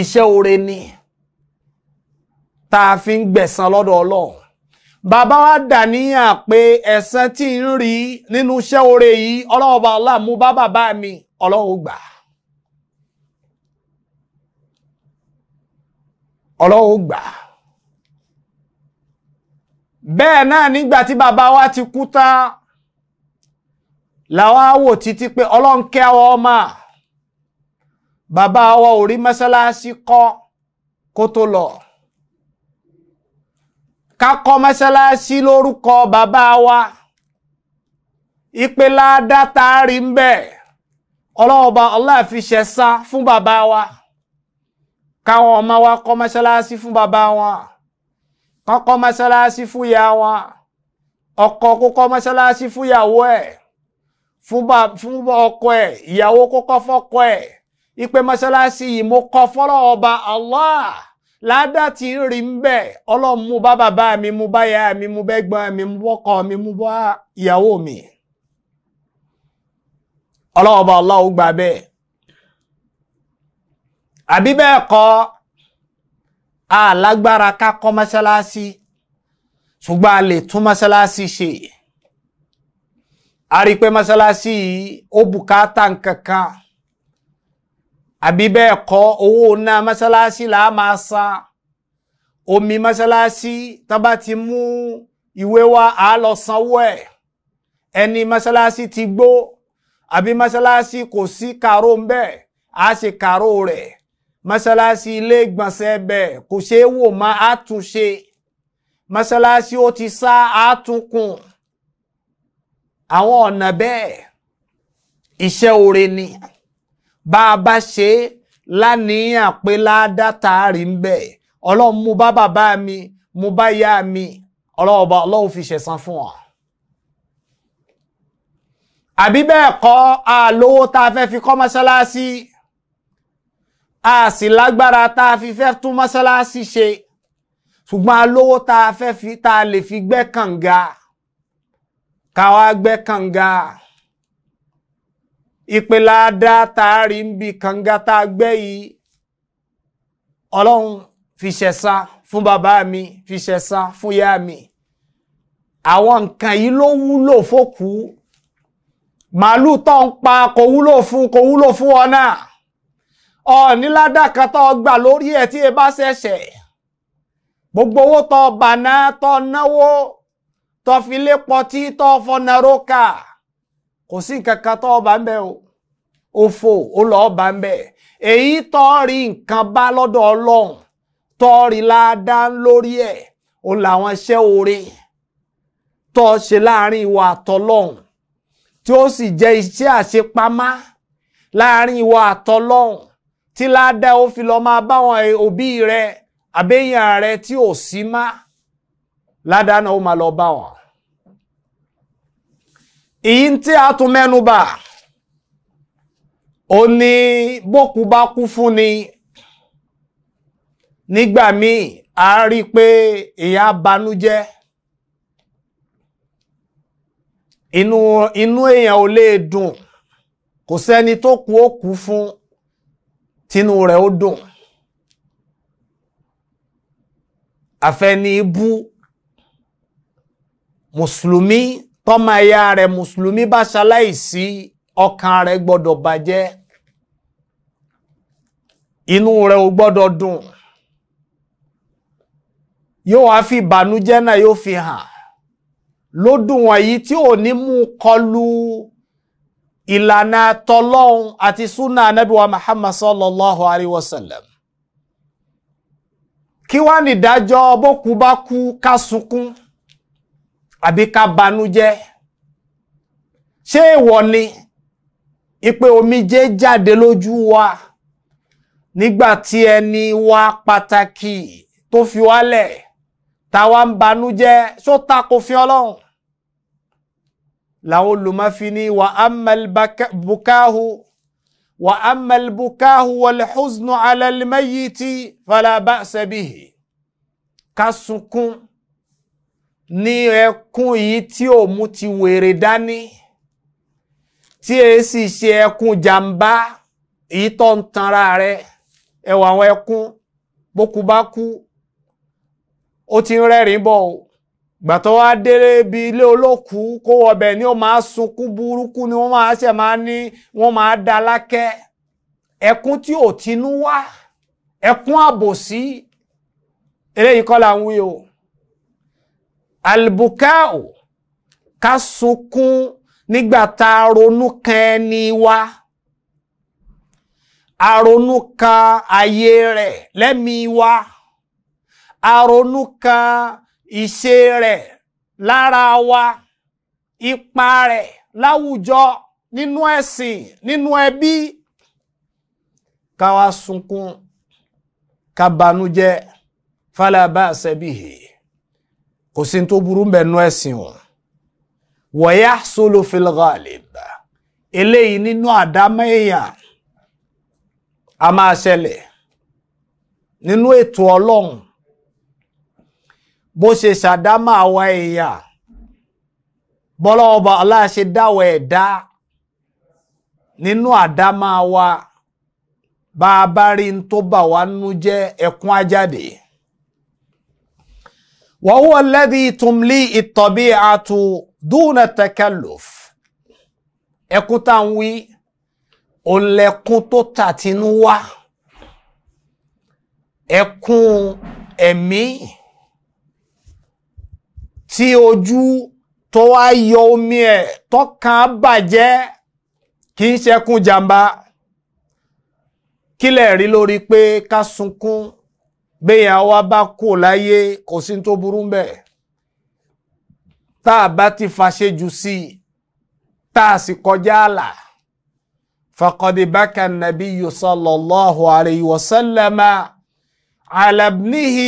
iṣẹ́ oore ni tá a fi ń gbẹ̀san lọ́dọ̀ Ọlọ́run bàbá wa dàníyàn pé ẹ̀san tí ń rí nínú iṣẹ́ oore yìí Ọlọ́run bá Allah mú bá bàbá mi Ọlọ́run gbà á. ọlọ́wọ́ gbà bẹ́ẹ̀ náà nígbà tí bàbá wa ti kú tán làwọn wò títí pé ọlọ́run kẹ́ àwọn ọmọ bàbá wa ò rí mọ́sálásí kọ́ kó tó lọ ká kọ́ mọ́sálásí lórúkọ bàbá wa ìpè ládàá a rí ń bẹ̀ ọlọ́run fún bàbá wa. káwọn ọmọ wa kọ́ mọ́ṣáláṣí fún bàbá wọn kán kọ́ mọ́ṣáláṣí fún ìyá wọn ọkọ kó mọ́ṣáláṣí fún ìyàwó ẹ̀ fún ọkọ ẹ̀ ìyàwó kó kọ́ ẹ̀ ìpè mọ́ṣáláṣí yìí mo kọ́ fọ́lọ́ ọba Allah ládà tí ń rí ń bẹ̀ ọlọ́run mú bá bàbá mi mú bá ìyá mi mú bẹ́gbọ́n mi mú bọ́kọ mi mú bá ìyàwó mi ọlọ́run ọba Allah ó gbà bẹ́ẹ̀ àbí bẹ́ẹ̀ kọ́ alágbára ká kọ́ mọ́ṣáláṣí ṣùgbọ́n a lè tún mọ́ṣáláṣí ṣe a rí i pé mọ́ṣáláṣí yìí ó bùkátà nkankan àbí bẹ́ẹ̀ kọ́ owó náà mọ́ṣáláṣí là á máa san omi mọ́ṣáláṣí tó bá ti mú ìwé wa á lọ sanwó ẹ̀ ẹni mọ́ṣáláṣí ti gbó àbí mọ́ṣáláṣí kò sí kàró ń bẹ́ẹ̀ á ṣe kàró rẹ̀ Masalasi ilé ìgbọ̀nsẹ̀ bẹ̀ kò ṣeé wò má a tún ṣe mọ́ṣáláṣí ó ti sá a tún kùn àwọn ọ̀nà bẹ́ẹ̀ iṣẹ́ oore ni bá a bá ṣe é láníyàn pé ládàtà rí ń bẹ̀ ọlọ́run mo bá bàbá mi mo bá yá mi ọlọ́ọ̀bá ọlọ́run fi ṣẹ̀san fún wa. àbí bẹ́ẹ̀ kọ́ àlówó tá a fẹ́ fi kọ́ mọ́ṣáláṣí a sì lágbára tá a fi fẹ́ tún mọ́sálásí ṣe ṣùgbọ́n a lówó tá a fẹ́ fi tá a lè fi gbẹ́ kànga káwa gbẹ́ kànga ìpele adá tá a rí ń bi kànga tá a gbẹ́ yìí ọlọ́run fi ṣẹ̀sà fún bàbá mi fi ṣẹ̀sà fún ìyá mi àwọn nǹkan yìí ló wúlò fókù màálù tó ń pa kò wúlò fún kò wúlò fún ọ náà ọ̀nìládàkà tó gbà lórí ẹ̀ tí ẹ bá ṣẹ̀ṣẹ̀ gbogbo owó tó bàná tó náwó tó fi lé pọtí tó fọnà rókà kò sí nǹkan kan tó bá ń bẹ o òfò ó lọ́ọ́ bá ń bẹ èyí tó rí nǹkan bá lọ́dọ̀ ọlọ́run tó rí ládàá lórí ẹ̀ ó làwọn iṣẹ́ oore tó ṣe láàrin ìwà àtọ́lọ́run tí ó sì jẹ́ iṣẹ́ àṣepamá láàrin ìwà àtọ́lọ́run tí ládàá ó fi lọ́ọ́ máa báwọn òbí rẹ àbẹ́yàn rẹ tí ò sí má ládàá náà ó máa lọ bá wọn. èyí tí a tún mẹ́nu bà ó ní bókú bá kú fún ni nígbà míì a rí i pé ìyá banújẹ́ inú inú èèyàn ò lè dùn kò sẹni tó kú ó kú fún tínú rẹ̀ ó dùn àfẹni ibú mùsùlùmí tọ́mọ ẹ̀yà rẹ̀ mùsùlùmí bá ṣaláìsí ọkàn rẹ̀ gbọ́dọ̀ bàjẹ́ inú rẹ̀ ó gbọdọ dùn yóò wá fi ìbànújẹ́ náà yóò fi hàn lódùn wọ̀nyí tí ò ní mú kọlu. ìlànà tọlọ́hun àti súnà anábìwá muhammad sallallahu alayhi wa sallam kí wá nìdájọ́ bókú bá kú ká sunkún àbí ká banújẹ́ ṣé èèwọ̀ ni ìpè omijé jáde lójú wa nígbà tí ẹni wa pàtàkì tó fi wálẹ̀ táwa ń banújẹ́ ṣó ta kò fi ọlọ́run làwọn olùmọ́fi ní wà ámàlbùkáhù wà ámàlbùkáhù wàlhùsùnù alálmẹ́yìtì falaba sẹ́bìhì ká sunkún ní ẹkún yìí tí ò mú ti wèrè dání tí e sì ṣe ẹkún jàǹbá èyí tó ń tanra rẹ ẹwà àwọn ẹkún bókú ó ti rẹ́rìn bọ́ ọ. gbà tó wá délé ibi ilé olókùú kó ọbẹ̀ ni ó máa sunkún burúkú ni wọ́n máa se máa ní wọ́n máa da lákẹ́ ẹkún tí ò tinú wá ẹkún àbòsí eléyìí kọ́ ń wí o albukao ká sunkún nígbà tá a ronú kan ẹni wa a ronú kan ayé rẹ̀ lẹ́mìí wa a ronú kan ìṣe rẹ̀ lára wa ipa rẹ̀ láwùjọ nínú ẹ̀sìn nínú ẹbí ká wá sunkún ká banújẹ́ fálábà sẹ́bìhì kò sí tó burú ń nú ẹ̀sìn o wọ̀yá sólò fìlgàlìbà eléyìí nínú àdámọ́ èèyàn a máa ṣẹlẹ̀ nínú ètò ọlọ́run bó ṣe ṣàdámà àwọn èèyàn bọ́lá ọba Allah ṣe dáwọ̀ ẹ̀dá nínú àdámà wa bá a bá rí n tó bà wá nú jẹ́ ẹkún ajáde. wa huwa alladhi tumli at-tabi'atu duna takalluf ẹkún tá à ń wí ọlẹ́kún tó tàtinú wá ẹkún ẹ̀mí. E tí ojú tó wá yọ omi ẹ̀ tọ́kàn bàjẹ́ kì í ṣẹkún jàmbá kílẹ̀ rí lórí pé ká sunkún béèyàn wa bá kò láyé kò sí tó burú bẹ́ẹ̀ tá a bá ti fàṣejù sí i tá a sì kọjá àlà faqad baka an-nabiyyu sallallahu alayhi wa sallama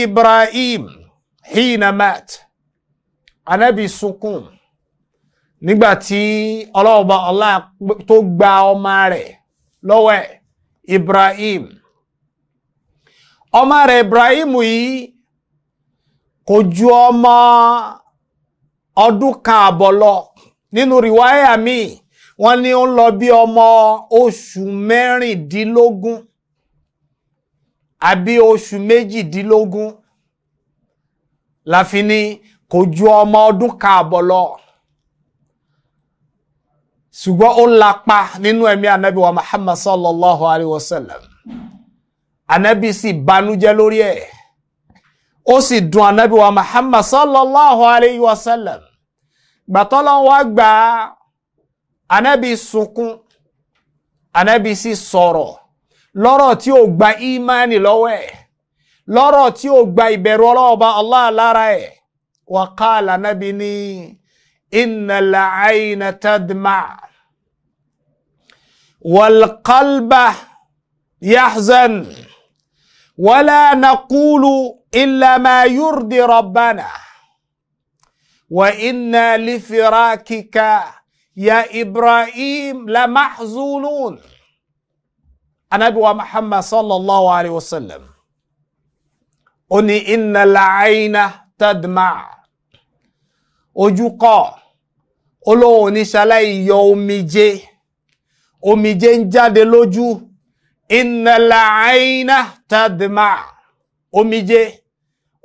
Ibrahim hina anabi sunkún nígbà tí ọlọ́ọ̀bá Allah tó gba ọmọ rẹ̀ lọ́wọ́ Ibrahim ọmọ rẹ̀ Ibrahim yìí kò ju ọmọ ọdún kan àbọ̀ lọ nínú rìwáyà míì wọ́n ní ó ń lọ bí ọmọ oṣù mẹ́rìndínlógún àbí oṣù méjìdínlógún láfi ní kò ju ọmọ ọdún káàbọ̀ lọ ṣùgbọ́n ó lapa nínú ẹ̀mí anabi wa muhammad sallallahu alayhi wa sallam anabi sì banújẹ́ lórí ẹ̀ ó sì dùn anabi wa muhammad sallallahu alayhi wa sallam gbàtọ́lọ́n gbà anabi sunkún anabi sì sọ̀rọ̀ lọ́rọ̀ tí ó gba ìmánì lọ́wọ́ ẹ̀ lọ́rọ̀ tí ó gba ìbẹ̀rù ọlọ́ọ̀ba allah lára وقال نبني إن العين تدمع والقلب يحزن ولا نقول إلا ما يرضي ربنا وإنا لفراكك يا إبراهيم لمحزونون النبي محمد صلى الله عليه وسلم أني إن العين تدمع ojúkọ̀ olóhùn oníṣàlàyé yọ omijé omijé ń jáde lójú ìnàlà àìná tàdímà omijé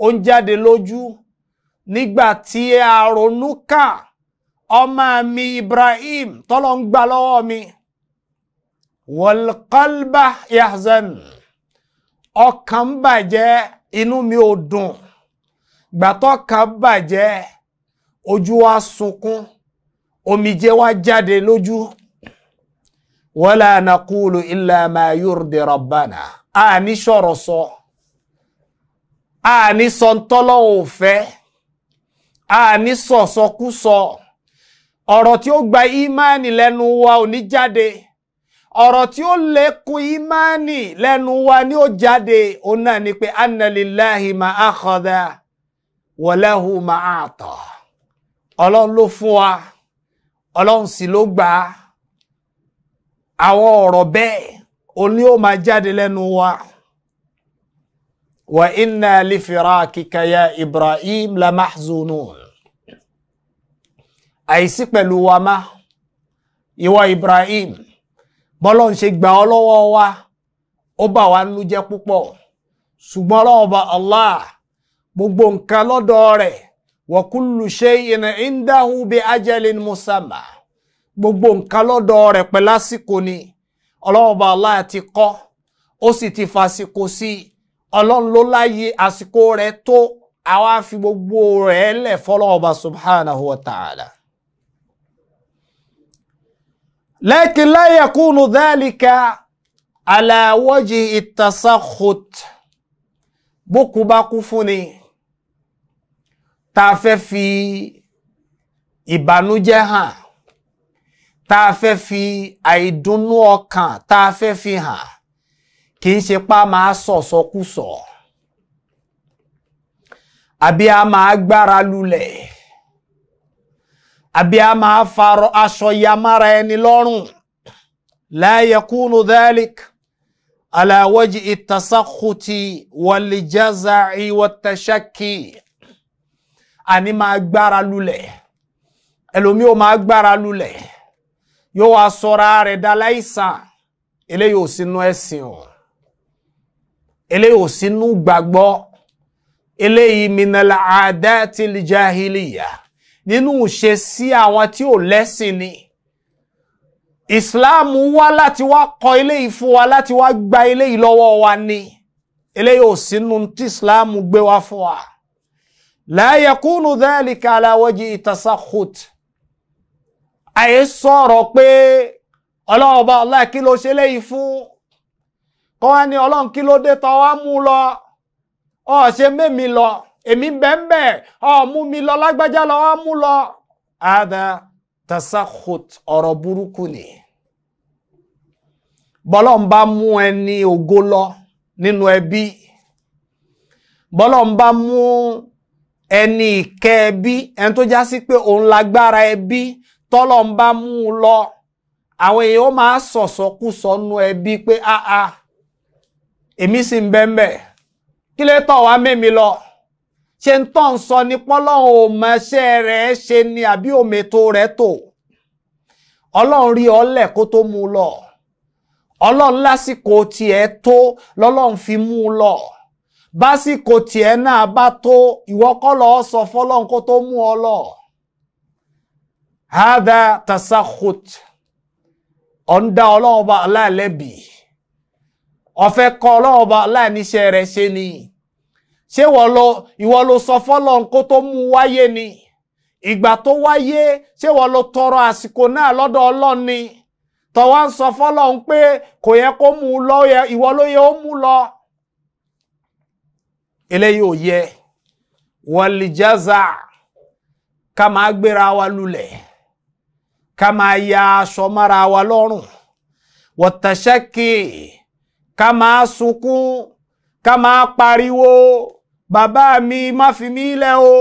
ó ń jáde lójú nígbà tí a ronú kà ọmọ mi Ibrahim tọ́lọ́ ń gbà lọ́wọ́ mi wọlkọlba yahzan ọkàn bàjẹ́ inú mi ò dùn gbàtọ́ kan bàjẹ́ ojú wa sunkún omijé wa jáde lójú wala naqulu illa ma yurdi rabbana àní sọ̀rọ̀ sọ àní sọ ntọ́lọ́ òfẹ́ àní sọ̀sọkúsọ ọ̀rọ̀ tí ó gba ìmánì lẹ́nu wa ò ní jáde ọ̀rọ̀ tí ó lékún ìmánì lẹ́nu wa ni ó jáde òun náà ni pé anna lillahi ma akhadha wa lahu ma ata ọlọ́run ló fún wa ọlọ́run sì ló gbà á àwọn ọ̀rọ̀ bẹ́ẹ̀ òní ó máa jáde lẹ́nu wa. wa inna li firakika ya Ibrahim la àìsí pẹ̀lú wa má ìwọ Ibrahim bọ́lọ́n ṣe gbà ọ́ lọ́wọ́ wa ó bà wá nínú púpọ̀ ṣùgbọ́n ọlọ́run Allah gbogbo nǹkan lọ́dọ̀ rẹ̀ wa kullu shay'in indahu bi ajalin musamma gbogbo nǹkan lọ́dọ̀ rẹ̀ pẹ̀ lásìkò ni ọlọ́run bá aláà ti kọ́ ó sì ti fàsìkò sí i ọlọ́run ló láyé àsìkò rẹ̀ tó àwa fi gbogbo rẹ̀ lẹ̀ fọlọ́run bá subhanahu wa ta'ala. lakin la yakunu dhalika ala wajhi at fún ni tá a fẹ́ fi ìbànújẹ́ hàn tá a fẹ́ fi àìdùnnú ọkàn tá a fẹ́ fi hàn kì í ṣe pa máa sọ̀sọkúsọ àbí a máa gbára lulẹ̀ àbí a máa farọ aṣọ yamara ẹni lọ́rùn la yakunu dhalik ala wajhi at-tasakhuti àní máa gbára lulẹ̀ ẹlòmíì ó máa gbára lulẹ̀ yóò wá sọra rẹ̀ dá eléyìí ò sínú ẹ̀sìn o eléyìí ò sínú gbàgbọ́ eléyìí minala adatil jahiliya nínú ṣe sí àwọn tí ò lẹ́sìn ni ìsìláàmù wá láti wá kọ eléyìí fún wa láti wá gba eléyìí lọ́wọ́ wa ni eléyìí ò sínú tí ìsìláàmù gbé wá fún wa la yakunu dhalika ala waji tasakhut àyè sọ̀rọ̀ pé ọlọ́ọ̀bá Allah kí ló ṣe léyìí fún kọ́ wá ní ọlọ́run kí ló dé tọ́ wá mú lọ ọ̀ ṣe mẹ́mi lọ èmi bẹ́ẹ̀nbẹ́ ọ̀ mú mi lọ lágbájá lọ wá mú lọ. ada tasakhut ọ̀rọ̀ burúkú ni bọ́lọ́n bá mú ẹni ògo lọ nínú ẹbí bọ́lọ́n bá mú. Mu ẹni ìkẹ́ ẹbí ẹni tó já sí pé òun lágbára ẹbí tọ́lọ̀ ń bá mú un lọ àwọn èèyàn ó máa sọ̀sọ́kúsọ nu ẹbí pé áá ah, ah, èmi sì ń bẹ́ńbẹ́ kí lè tọ̀ wá mẹ́mi lọ ṣe ń tọ́ ń sọ ní pọ́lọ́hún ò mọṣẹ́ rẹ̀ ṣe ni àbí òmètò rẹ̀ tò ọlọ́run rí ọlẹ̀ kó tó mú un lọ ọlọ́run lásìkò tiẹ̀ tó lọ́lọ́run fi mú un lọ. básìkò tiẹ̀ náà bá tó ìwọ kọ́ lọ sọ fọlọ́n kó tó mú ọ lọ. hada tasahut ọ̀ndà ọlọ́run ọba aláìlẹ́bì ọ̀fẹ́ kọ́ ọlọ́run ọba aláìníṣẹ́ rẹ̀ ṣe ni ṣé ìwọ ló sọ fọlọ́n kó tó mú wáyé ni ìgbà tó wáyé ṣé ìwọ ló tọrọ àsìkò náà lọ́dọ̀ ọlọ́run ni tọ́wọ́ ń sọ fọlọ́n pé kò yẹ kó mú un lọ ìwọ ló yẹ ó mú lọ eléyìí ò yẹ wàlìjáza ká máa gbéra wa lulẹ̀ ká máa ya aṣọ mára wa lọ́rùn wọ̀tàṣẹ́kì ká máa sunkún ká máa pariwo bàbá mi má fi mí lẹ̀ o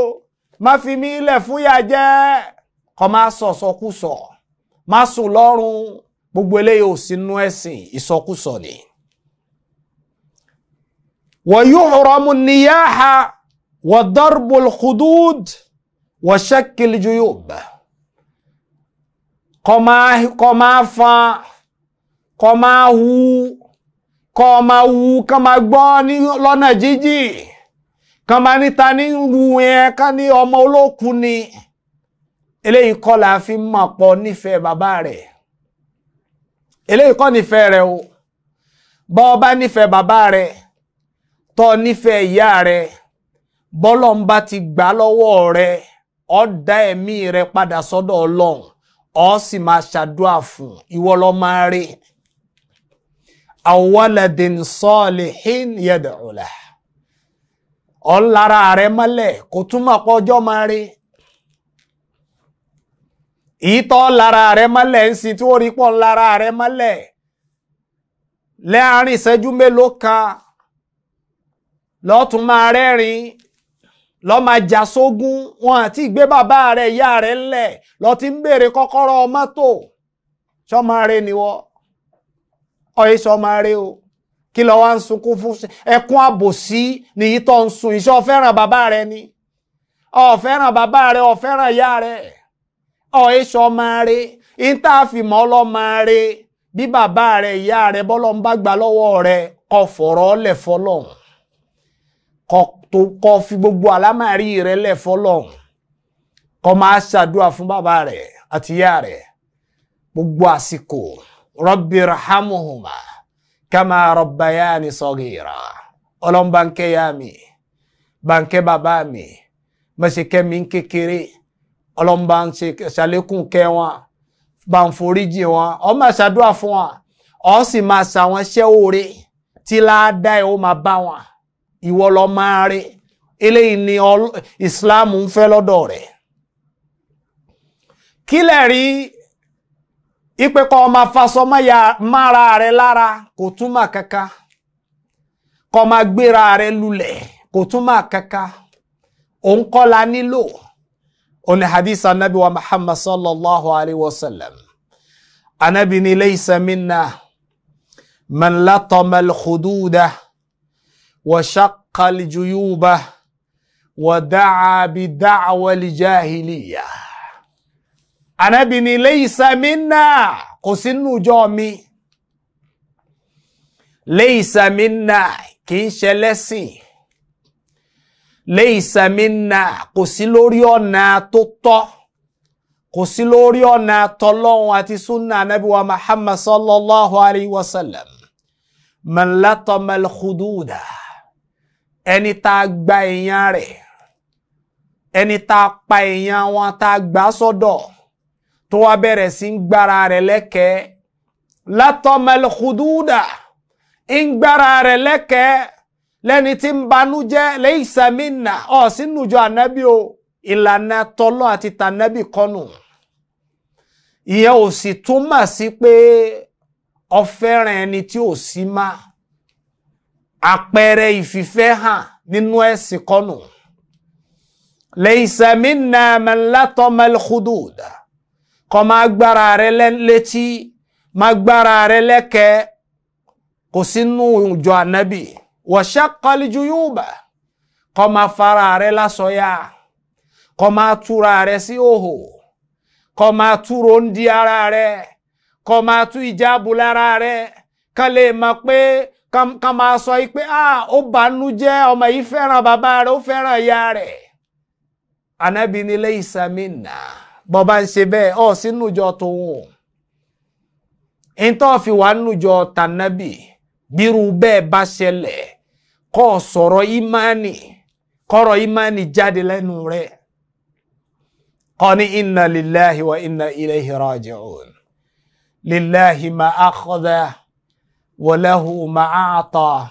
má fi mí lẹ̀ fúyà jẹ́ kọ́ máa sọ̀sọkúsọ má sùn lọ́rùn gbogbo eléyìí ò sínú ẹ̀sìn ìsọkúsọ ni. ويحرم النياحة وضرب الخدود وشك الجيوب kọ máa kọ máa fan kọ máa hu kọ máa hu kọ máa gbọ́ ní lọ́nà jíjì kọ máa níta ní ru yẹn ká ní ọmọ olókun ni eléyìí kọ́ la fi mọ̀ pọ̀ nífẹ̀ẹ́ bàbá rẹ̀ eléyìí kọ́ nífẹ̀ẹ́ rẹ̀ o bọ́ ọ bá nífẹ̀ẹ́ bàbá rẹ̀ tọ nífẹ ìyá rẹ bọ́lọ́n bá ti gbà lọwọ rẹ ọ dá ẹ̀mí rẹ padà sọ́dọ̀ ọlọ́run ọ sì máa fún ìwọ ló máa rí rẹ mọ́lẹ̀ kò túmọ̀ pé ọjọ́ máa rí lara lára rẹ mọ́lẹ̀ ń sin tí lọ́tún máa rẹ́rìn lọ́ máa jà sógún wọn àti ìgbé bàbá rẹ̀ ìyá rẹ̀ ńlẹ̀ lọ́ ti ń béèrè kọ́kọ́rọ́ mọ́tò sọ́mọ rẹ̀ niwọ́ ọ̀yẹ́ sọ́mọ rẹ̀ o kí lọ́ wá ń sunkún fún ẹkún àbòsí nìyí tó ń sun iṣẹ́ ọ̀fẹ́ràn bàbá rẹ̀ ni ọ̀fẹ́ràn bàbá rẹ̀ ọ̀fẹ́ràn ìyá rẹ̀ ọ̀yẹ́ sọ́mọ rẹ̀ ìntàfìmọ́ ọlọ́mọ rẹ̀ bí bàbá rẹ̀ ìyá rẹ̀ bọ́lọ́ bá gbà lọ́wọ́ rẹ̀ ọ̀fọ̀rọ̀ ọ̀lẹ̀ kó fi gbogbo àlámàrí rẹ̀ lẹ̀ fọ́lọ́run kó máa ṣàdúrà fún bàbá rẹ̀ àti ìyá rẹ̀ gbogbo àsìkò rabbi rahamuhuma kama rabbayani sagira ọlọ́run bá ń kẹ́ yá mi bá ń kẹ́ bàbá mi bá ṣe kẹ́ mi ń kékeré ọlọ́run ṣàlékún kẹ́ wọn bá wọn ó máa fún wọn ó sì máa ṣàwọn iṣẹ́ oore tí láàdá ẹ̀ ó máa bá wọn ìwọ lọ máa rí eléyìí ni Islam ń fẹ́ lọ́dọ̀ rẹ̀ kílẹ̀ rí ìpẹ́kọ̀ ọmọ afasọ mára rẹ̀ lára kò túmọ̀ kankan kọ́ máa gbéra rẹ̀ lulẹ̀ kò túmọ̀ kankan òun kọ́ la nílò òun ni hadith anabi wa Muhammad sallallahu alayhi wa sallam anabi ni laysa minna man latama al-khududah. وشق الجيوب ودعا بدعوى الجاهلية Ànábì ní laysa minna kò sínú ìjọ mi laysa minna kì í ṣe lẹ́sìn laysa minna kò sí lórí ọ̀nà tó tọ́ kò sí lórí ọ̀nà tọlọ́hun àti sunna Ànábì wa Muhammad sallallahu alayhi wa sallam man latama al-khududa ẹni tá a gba èèyàn rẹ̀ ẹni tá a pa èèyàn wọn tá a gbà sọ́dọ̀ tó wá bẹ̀rẹ̀ sí ń gbára rẹ̀ lẹ́kẹ̀ẹ́ látọmọlẹ kùdúdà ń gbára rẹ̀ lẹ́kẹ̀ẹ́ lẹ́ni tí ń banújẹ́ laysa minna ọ̀ sínú ànábì o ìlànà tọlọ́ àti tànábì kọ́nù ìyẹn ò sì túmọ̀ sí pé ọ̀fẹ́ràn ẹni tí ò sí máa àpẹẹrẹ ìfìfẹ́ hàn nínú ẹ̀sìn kọ́nù laysa minna man latama al-khudud kọ́ máa gbára rẹ létí máa gbára rẹ lẹ́kẹ̀ẹ́ kò sínú ìjọ ànábì wa shaqqa al-juyuba kọ́ máa fara rẹ lásọyà kọ́ máa túra rẹ sí òhò kọ́ máa túro ń di ara rẹ kọ́ máa tú ìjáàbù lára rẹ ká lè pé ká máa sọ yìí pé ah, ó banú jẹ́ ọmọ yìí fẹ́ràn bàbá rẹ̀ ó fẹ́ràn ìyá rẹ̀ anabi ni laysa minna bọ́ bá ń ṣe bẹ́ẹ̀ ọ̀ sínú ìjọ tòun o ìtọ́ fi wà nínú ìjọ tànàbì bírú bẹ́ẹ̀ bá ṣẹlẹ̀ kọ́ sọ̀rọ̀ ìmánì kọ́rọ̀ ìmánì jáde lẹ́nu rẹ̀ kọ́ ní inna lillahi wa inna ilayhi raji'un lillahi ma akhadha. وله ما أعطى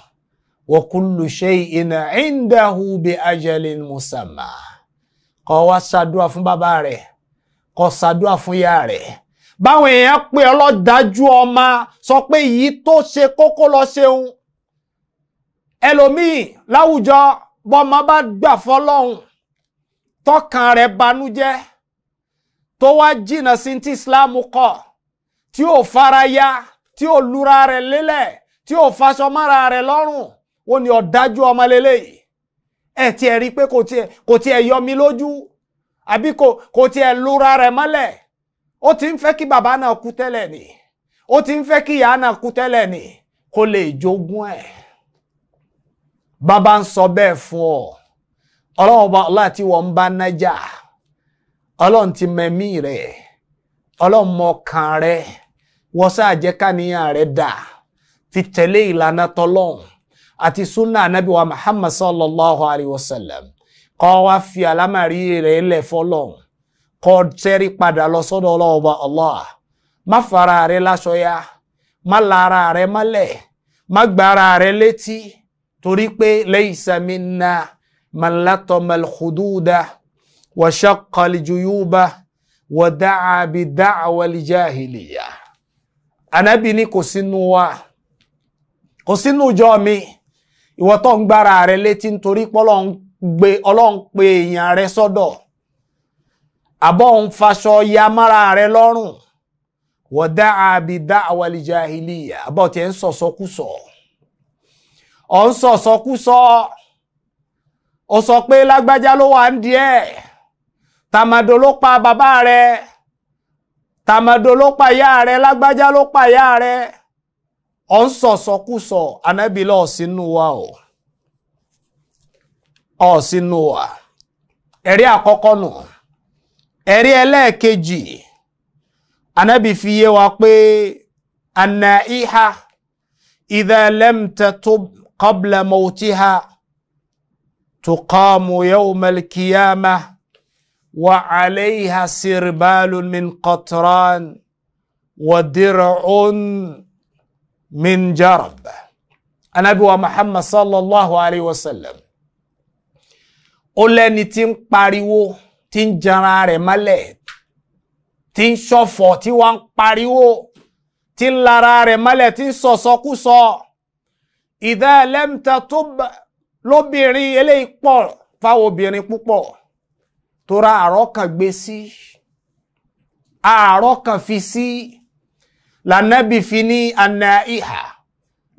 وكل شيء عنده بأجل مسمى kó wá ṣàdúrà fún bàbá rẹ̀ kó ṣàdúrà fún ìyá rẹ̀ báwọn èèyàn pé ọlọ́dájú ọmọ sọ pé èyí tó ṣe kókó lọ ṣeun ẹlòmíì láwùjọ bọ́mọ bá gbà fọlọ́hún tọkàn rẹ̀ banújẹ́ tó wá jìnnà sí ti Islam kọ̀ tí ò fara ya tí ò lura rẹ̀ lélẹ̀ tí ò faṣọ mára rẹ̀ lọ́rùn wọn ni ọ̀dájú ọmọ lélẹ́yìí ẹ̀ rí i pé kò tiẹ̀ yọ mi lójú àbí kò tiẹ̀ lura rẹ̀ mọ́lẹ̀ ó ti ń fẹ́ kí bàbá náà kú tẹ́lẹ̀ ó ti ń fẹ́ kí ìyá náà kú ni lè jogún ẹ̀ bàbá ń sọ bẹ́ẹ̀ fún ọ ọlọ́run ọlá tí wọ́n ń bá nájà ọlọ́run ti rẹ̀ wọ́n sáà jẹ́ káníyàn rẹ̀ dà fi tẹ̀lé ìlànà tọlọ́hun àti súnà anábì wa muhammad sallallahu alayhi wa sallam kó wá fi àlámàrí rẹ̀ lẹ̀ fọlọ́hun kó tẹ́rí padà lọ sọ́dọ̀ ọlọ́ọ̀bà allah má fara rẹ̀ láṣọ ya má lara rẹ̀ mọ́lẹ̀ má gbára rẹ̀ létí torí pé laysa minna man latama al wa shaqqa juyuba wa da'a bi da'wa al ànábì ni kò sínú wa kò sínú ìjọ mi ìwọ tó ń gbára rẹ létí nítorí pé ọlọ́run gbé ọlọ́run èèyàn rẹ sọ́dọ̀ àbọ̀ ń faṣọ ya mára rẹ lọ́rùn wọ̀dá àbí dá àwàlì jahiliya àbọ̀ tiẹ̀ ń sọ pé lágbájá ló wà ń bàbá rẹ. tàmàdò ló pàyà rẹ lágbájá ló pàyà rẹ ọ ń sọ̀sọ̀kúsọ anábìlẹ̀ ọ̀sínú wa o ọ̀sínú wa ẹ̀rí àkọ́kọ́ nù ẹ̀rí ẹlẹ́ẹ̀kejì anábì fi yé wa pé àna ìhà idha lam tatub qabla mawtiha tuqamu yawmal qiyamah. وعليها سربال من قطران ودرع من جرب النبي محمد صلى الله عليه وسلم. sallam ó lẹ́ni tí ń pariwo tí ń janra rẹ̀ mọ́lẹ̀ tí ń ṣọ̀fọ̀ tí wọ́n ń pariwo tí ń lara rẹ̀ mọ́lẹ̀ tí ń sọ̀sọ́kúsọ idha lam tatub lóbìnrin eléyìí pọ̀ fáwọn obìnrin púpọ̀ tora àárọ̀ kan gbé sí àárọ̀ kan fi sí lànàbì fi ní anaiha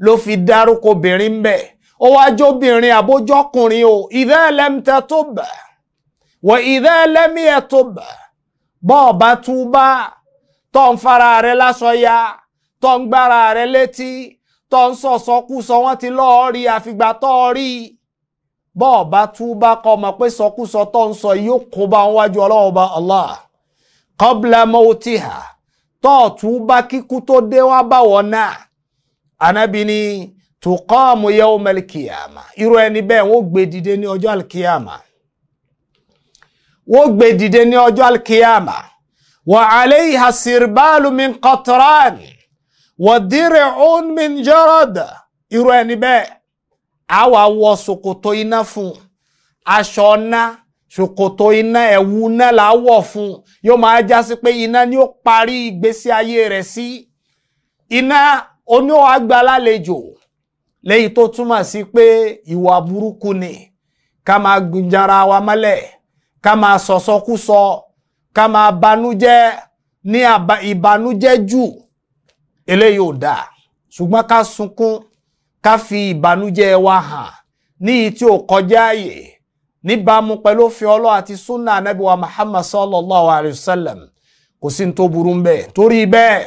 ló fi dárúkọ obìnrin ń bẹ̀ ó wá jóbìnrin àbójọkùnrin o idha lam tatub wa idha lam yatub bọ́ọ̀bá túbá tó ń fara rẹ̀ lásọya tó ń gbára rẹ̀ létí tó ń sọ̀sọ́kú sọ wọ́n ti lọ́ọ́ rí àfìgbà tó rí i bọ́ọ̀ bá túbá kọ́ ma pé sọkúsọ tó ń sọ yóò kó bá ń wájú ọlọ́run bá Allah qabla mawtiha tó túbá kíkú tó dé wá báwọ̀ náà anábì ni tuqamu yawm al irú ẹni bẹ́ẹ̀ wọ́n gbé dìde ní ọjọ́ al wọ́n gbé dìde ní ọjọ́ al-qiyama wa alayha sirbalu min qatran wa dir'un min jarad irú ẹni bẹ́ẹ̀. a wà wọ ṣòkòtò iná fún aṣọ ọ̀nà ṣòkòtò iná ẹ̀wù náà là á wọ̀ fún yóò máa já sí pé iná ni ó parí ìgbésí ayé rẹ̀ sí iná oníwà gba lálejò léyìí tó túmọ̀ sí pé ìwà burúkú ni ká máa gbìjàra wa mọ́lẹ̀ ká máa sọ̀sọ́kúsọ ká máa banújẹ́ ní ìbànújẹ́ jù eléyìí ò dáa ṣùgbọ́n ká sunkún ká fi ìbànújẹ́ wa hàn ní ìyí tí ò kọjá àyè níbàámu pẹ̀lú òfin ọlọ́ àti sunna anabi wa muhammad sallallahu alayhi wa sallam kò sí ní tó burú ń bẹ́ẹ̀ torí bẹ́ẹ̀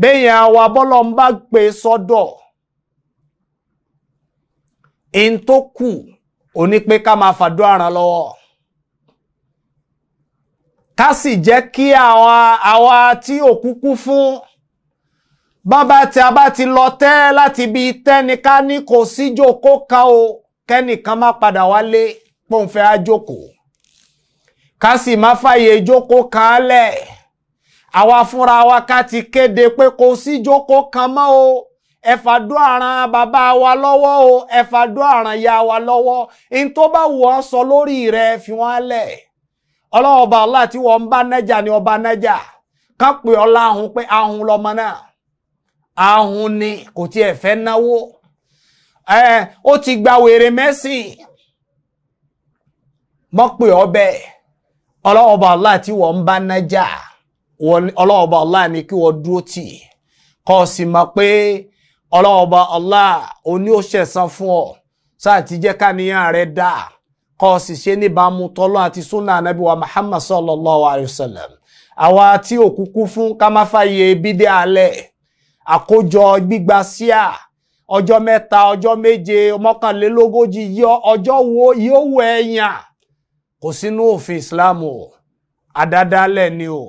bẹ́yìn àwa bọ́lọ̀ ń bá gbé e sọ́dọ̀ in tó kù ó ká máa fàdó àràn lọ́wọ́ ká sì jẹ́ kí àwa àwa tí òkú kú fún. bàbá tí a bá ti lọ tẹ́ láti ibi tẹ́nìká ní kò síjò kó ka o kẹ́nìkan má padà wálé pòǹfẹ́ àjòkòó ká sì má fàyè ìjókòó kan lẹ̀ àwa fúnra wa ká ti kéde pé kò síjókòó kan mọ́ o ẹ fàdó àràn bàbá wa lọ́wọ́ o ẹ fàdó àràn ìyá wa lọ́wọ́ n tó bá wù ọ́ sọ lórí rẹ fi wọ́n lẹ̀ ọlọ́wọ́ bá ọlá tí wọ́n ń bá nájà ni ọba nájà ká pè ọ́ láhùn pé ahùn lọ́mọ náà. ahun ni kò tiẹ̀ nawo náwó o ti gba wèrè mẹ́sìn mọ́ pé ọbẹ̀ ọlọ́ọ̀bà Allah ti wọ́n ń bá nájà ọlọ́ọ̀bà Allah ni kí wọ́n dúró tì kọ́ ọ sì mọ̀ pé ọlọ́ọ̀bà Allah oní òṣèṣan fún ọ sáà ti jẹ́ káníyàn rẹ̀ dáa kọ́ sì ṣe níbàámu tọ́lọ́ àti súnà anábì wa Muhammad sallallahu alayhi wa sallam àwa tí òkú kú fún ká má ale. àkójọ gbígba síà ọjọ́ mẹ́ta ọjọ́ méje mọ́kànlélógójì yọ ọjọ́ wo yóò wọ ẹ̀yàn kò sínú òfin Islam o àdádálẹ̀ ni o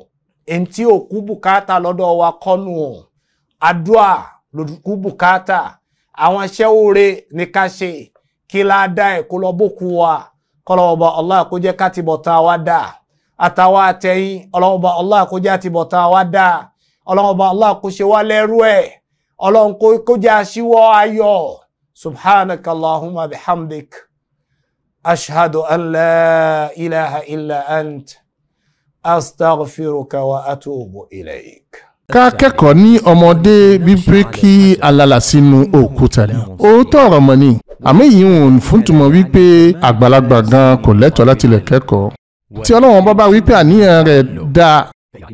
èyí tí òkú bùkátà lọ́dọ̀ wa kọ́nu o àdúà lòkú bùkátà àwọn iṣẹ́ oore ní ká ṣe kí láàdá ẹ̀ kó lọ bókun wa kọlọ́wọ́ba Allah kó jẹ́ ká ti bọ̀ tá a wá dà àtàwọn àtẹ̀yìn ọlọ́wọ́ba Allah kó jẹ́ àti tá a wá dà ọlọ́run ọba allah kò ṣe wá lẹ́rú ẹ̀ ọlọ́run kò jẹ́ aṣíwọ́ ayọ̀ subhanaka allahumma bihamdik ashhadu an la ilaha illa ant astaghfiruka wa atubu ilayk ká kẹ́kọ̀ọ́ ní ọmọdé bíbíríkì alala sínú òkúta ni òótọ́ ọ̀rọ̀ mọ̀ ni àmì yìí ń fún tùmọ̀ wípé àgbàlagbà gan kò lẹ́tọ̀ọ́ láti lè kẹ́kọ̀ọ́ tí ọlọ́wọ́n bá bá wípé àníyàn rẹ̀ dáa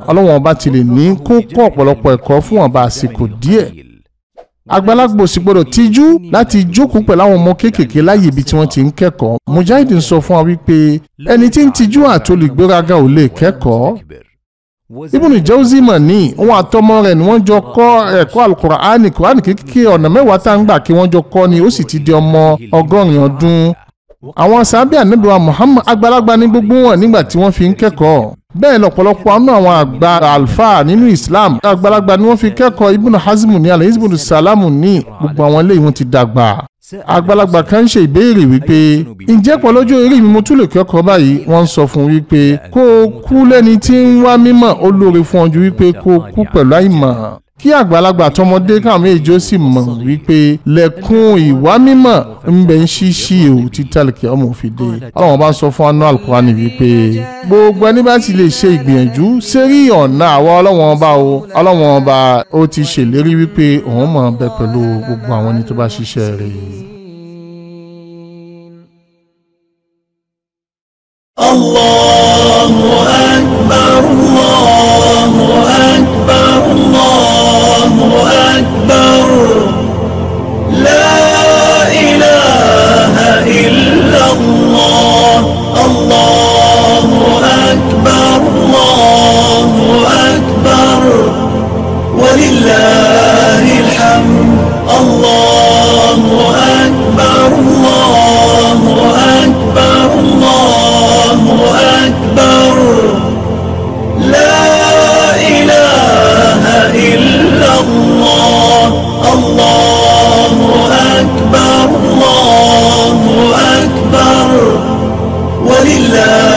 ọlọ́wọ́n ọba ti lè ní kó kọ́ ọ̀pọ̀lọpọ̀ ẹ̀kọ́ fún ọba àsìkò díẹ̀ àgbàlagbò sì gbọdọ̀ tijú láti jókòó pẹ̀lú àwọn ọmọ kéékèèké láyè ibi tí wọ́n ti ń kẹ́kọ̀ọ́ mujahid ń sọ fún wa wípé ẹni tí ń tijú àtolùgbéraga ò lè kẹ́kọ̀ọ́ ibùn ìjẹ́wọ́sí ní òun àtọmọ rẹ̀ ni wọ́n jọ kọ́ ẹ̀kọ́ alukur'ani kur'ani kékeré ọ̀nà mẹ́wàá tá à ń gbà kí wọ́n jọ kọ́ ni ó sì ti di ọmọ ọgọ́rin ọdún àwọn sábẹ́ ànábì wa Muhammad àgbàlagbà ní gbogbo wọn nígbà tí wọ́n fi ń kẹ́kọ̀ọ́ bẹ́ẹ̀ lọ́pọ̀lọpọ̀ àánú àwọn àgbà alfa nínú Islam àgbàlagbà ni wọ́n fi kẹ́kọ̀ọ́ Ibn Hazm ní alẹ́ Ibn Salam ní gbogbo àwọn ilé ìwọ̀n ti dàgbà àgbàlagbà kan ṣe ìbéèrè wípé ǹjẹ́ pọ̀ lọ́jọ́ orí mi mo tún lè kẹ́kọ̀ọ́ báyìí wọ́n sọ fún wípé kó o kú lẹ́ni tí ń wá mímọ̀ ó lóore fún ọ ju wípé kó o kú pẹ̀lú àìmọ̀ kí àgbàlagbà tọmọdé káwọn èjò sì mọ̀ wípé lẹ́kùn ìwà mímọ́ ń bẹ ń ṣíṣí o títà lẹkẹ ọmọ òfin dé Ọlọ́run bá ń sọ fún anú alukurani wípé gbogbo ẹni bá ti lè ṣe ìgbìyànjú sérí ọ̀nà àwa Ọlọ́run ọba o Ọlọ́run ọba ó ti ṣèlérí wípé òun mọ̀ bẹ pẹ̀lú gbogbo àwọn ẹni tó bá ṣiṣẹ́ rẹ̀ yìí. Allahu akbar love.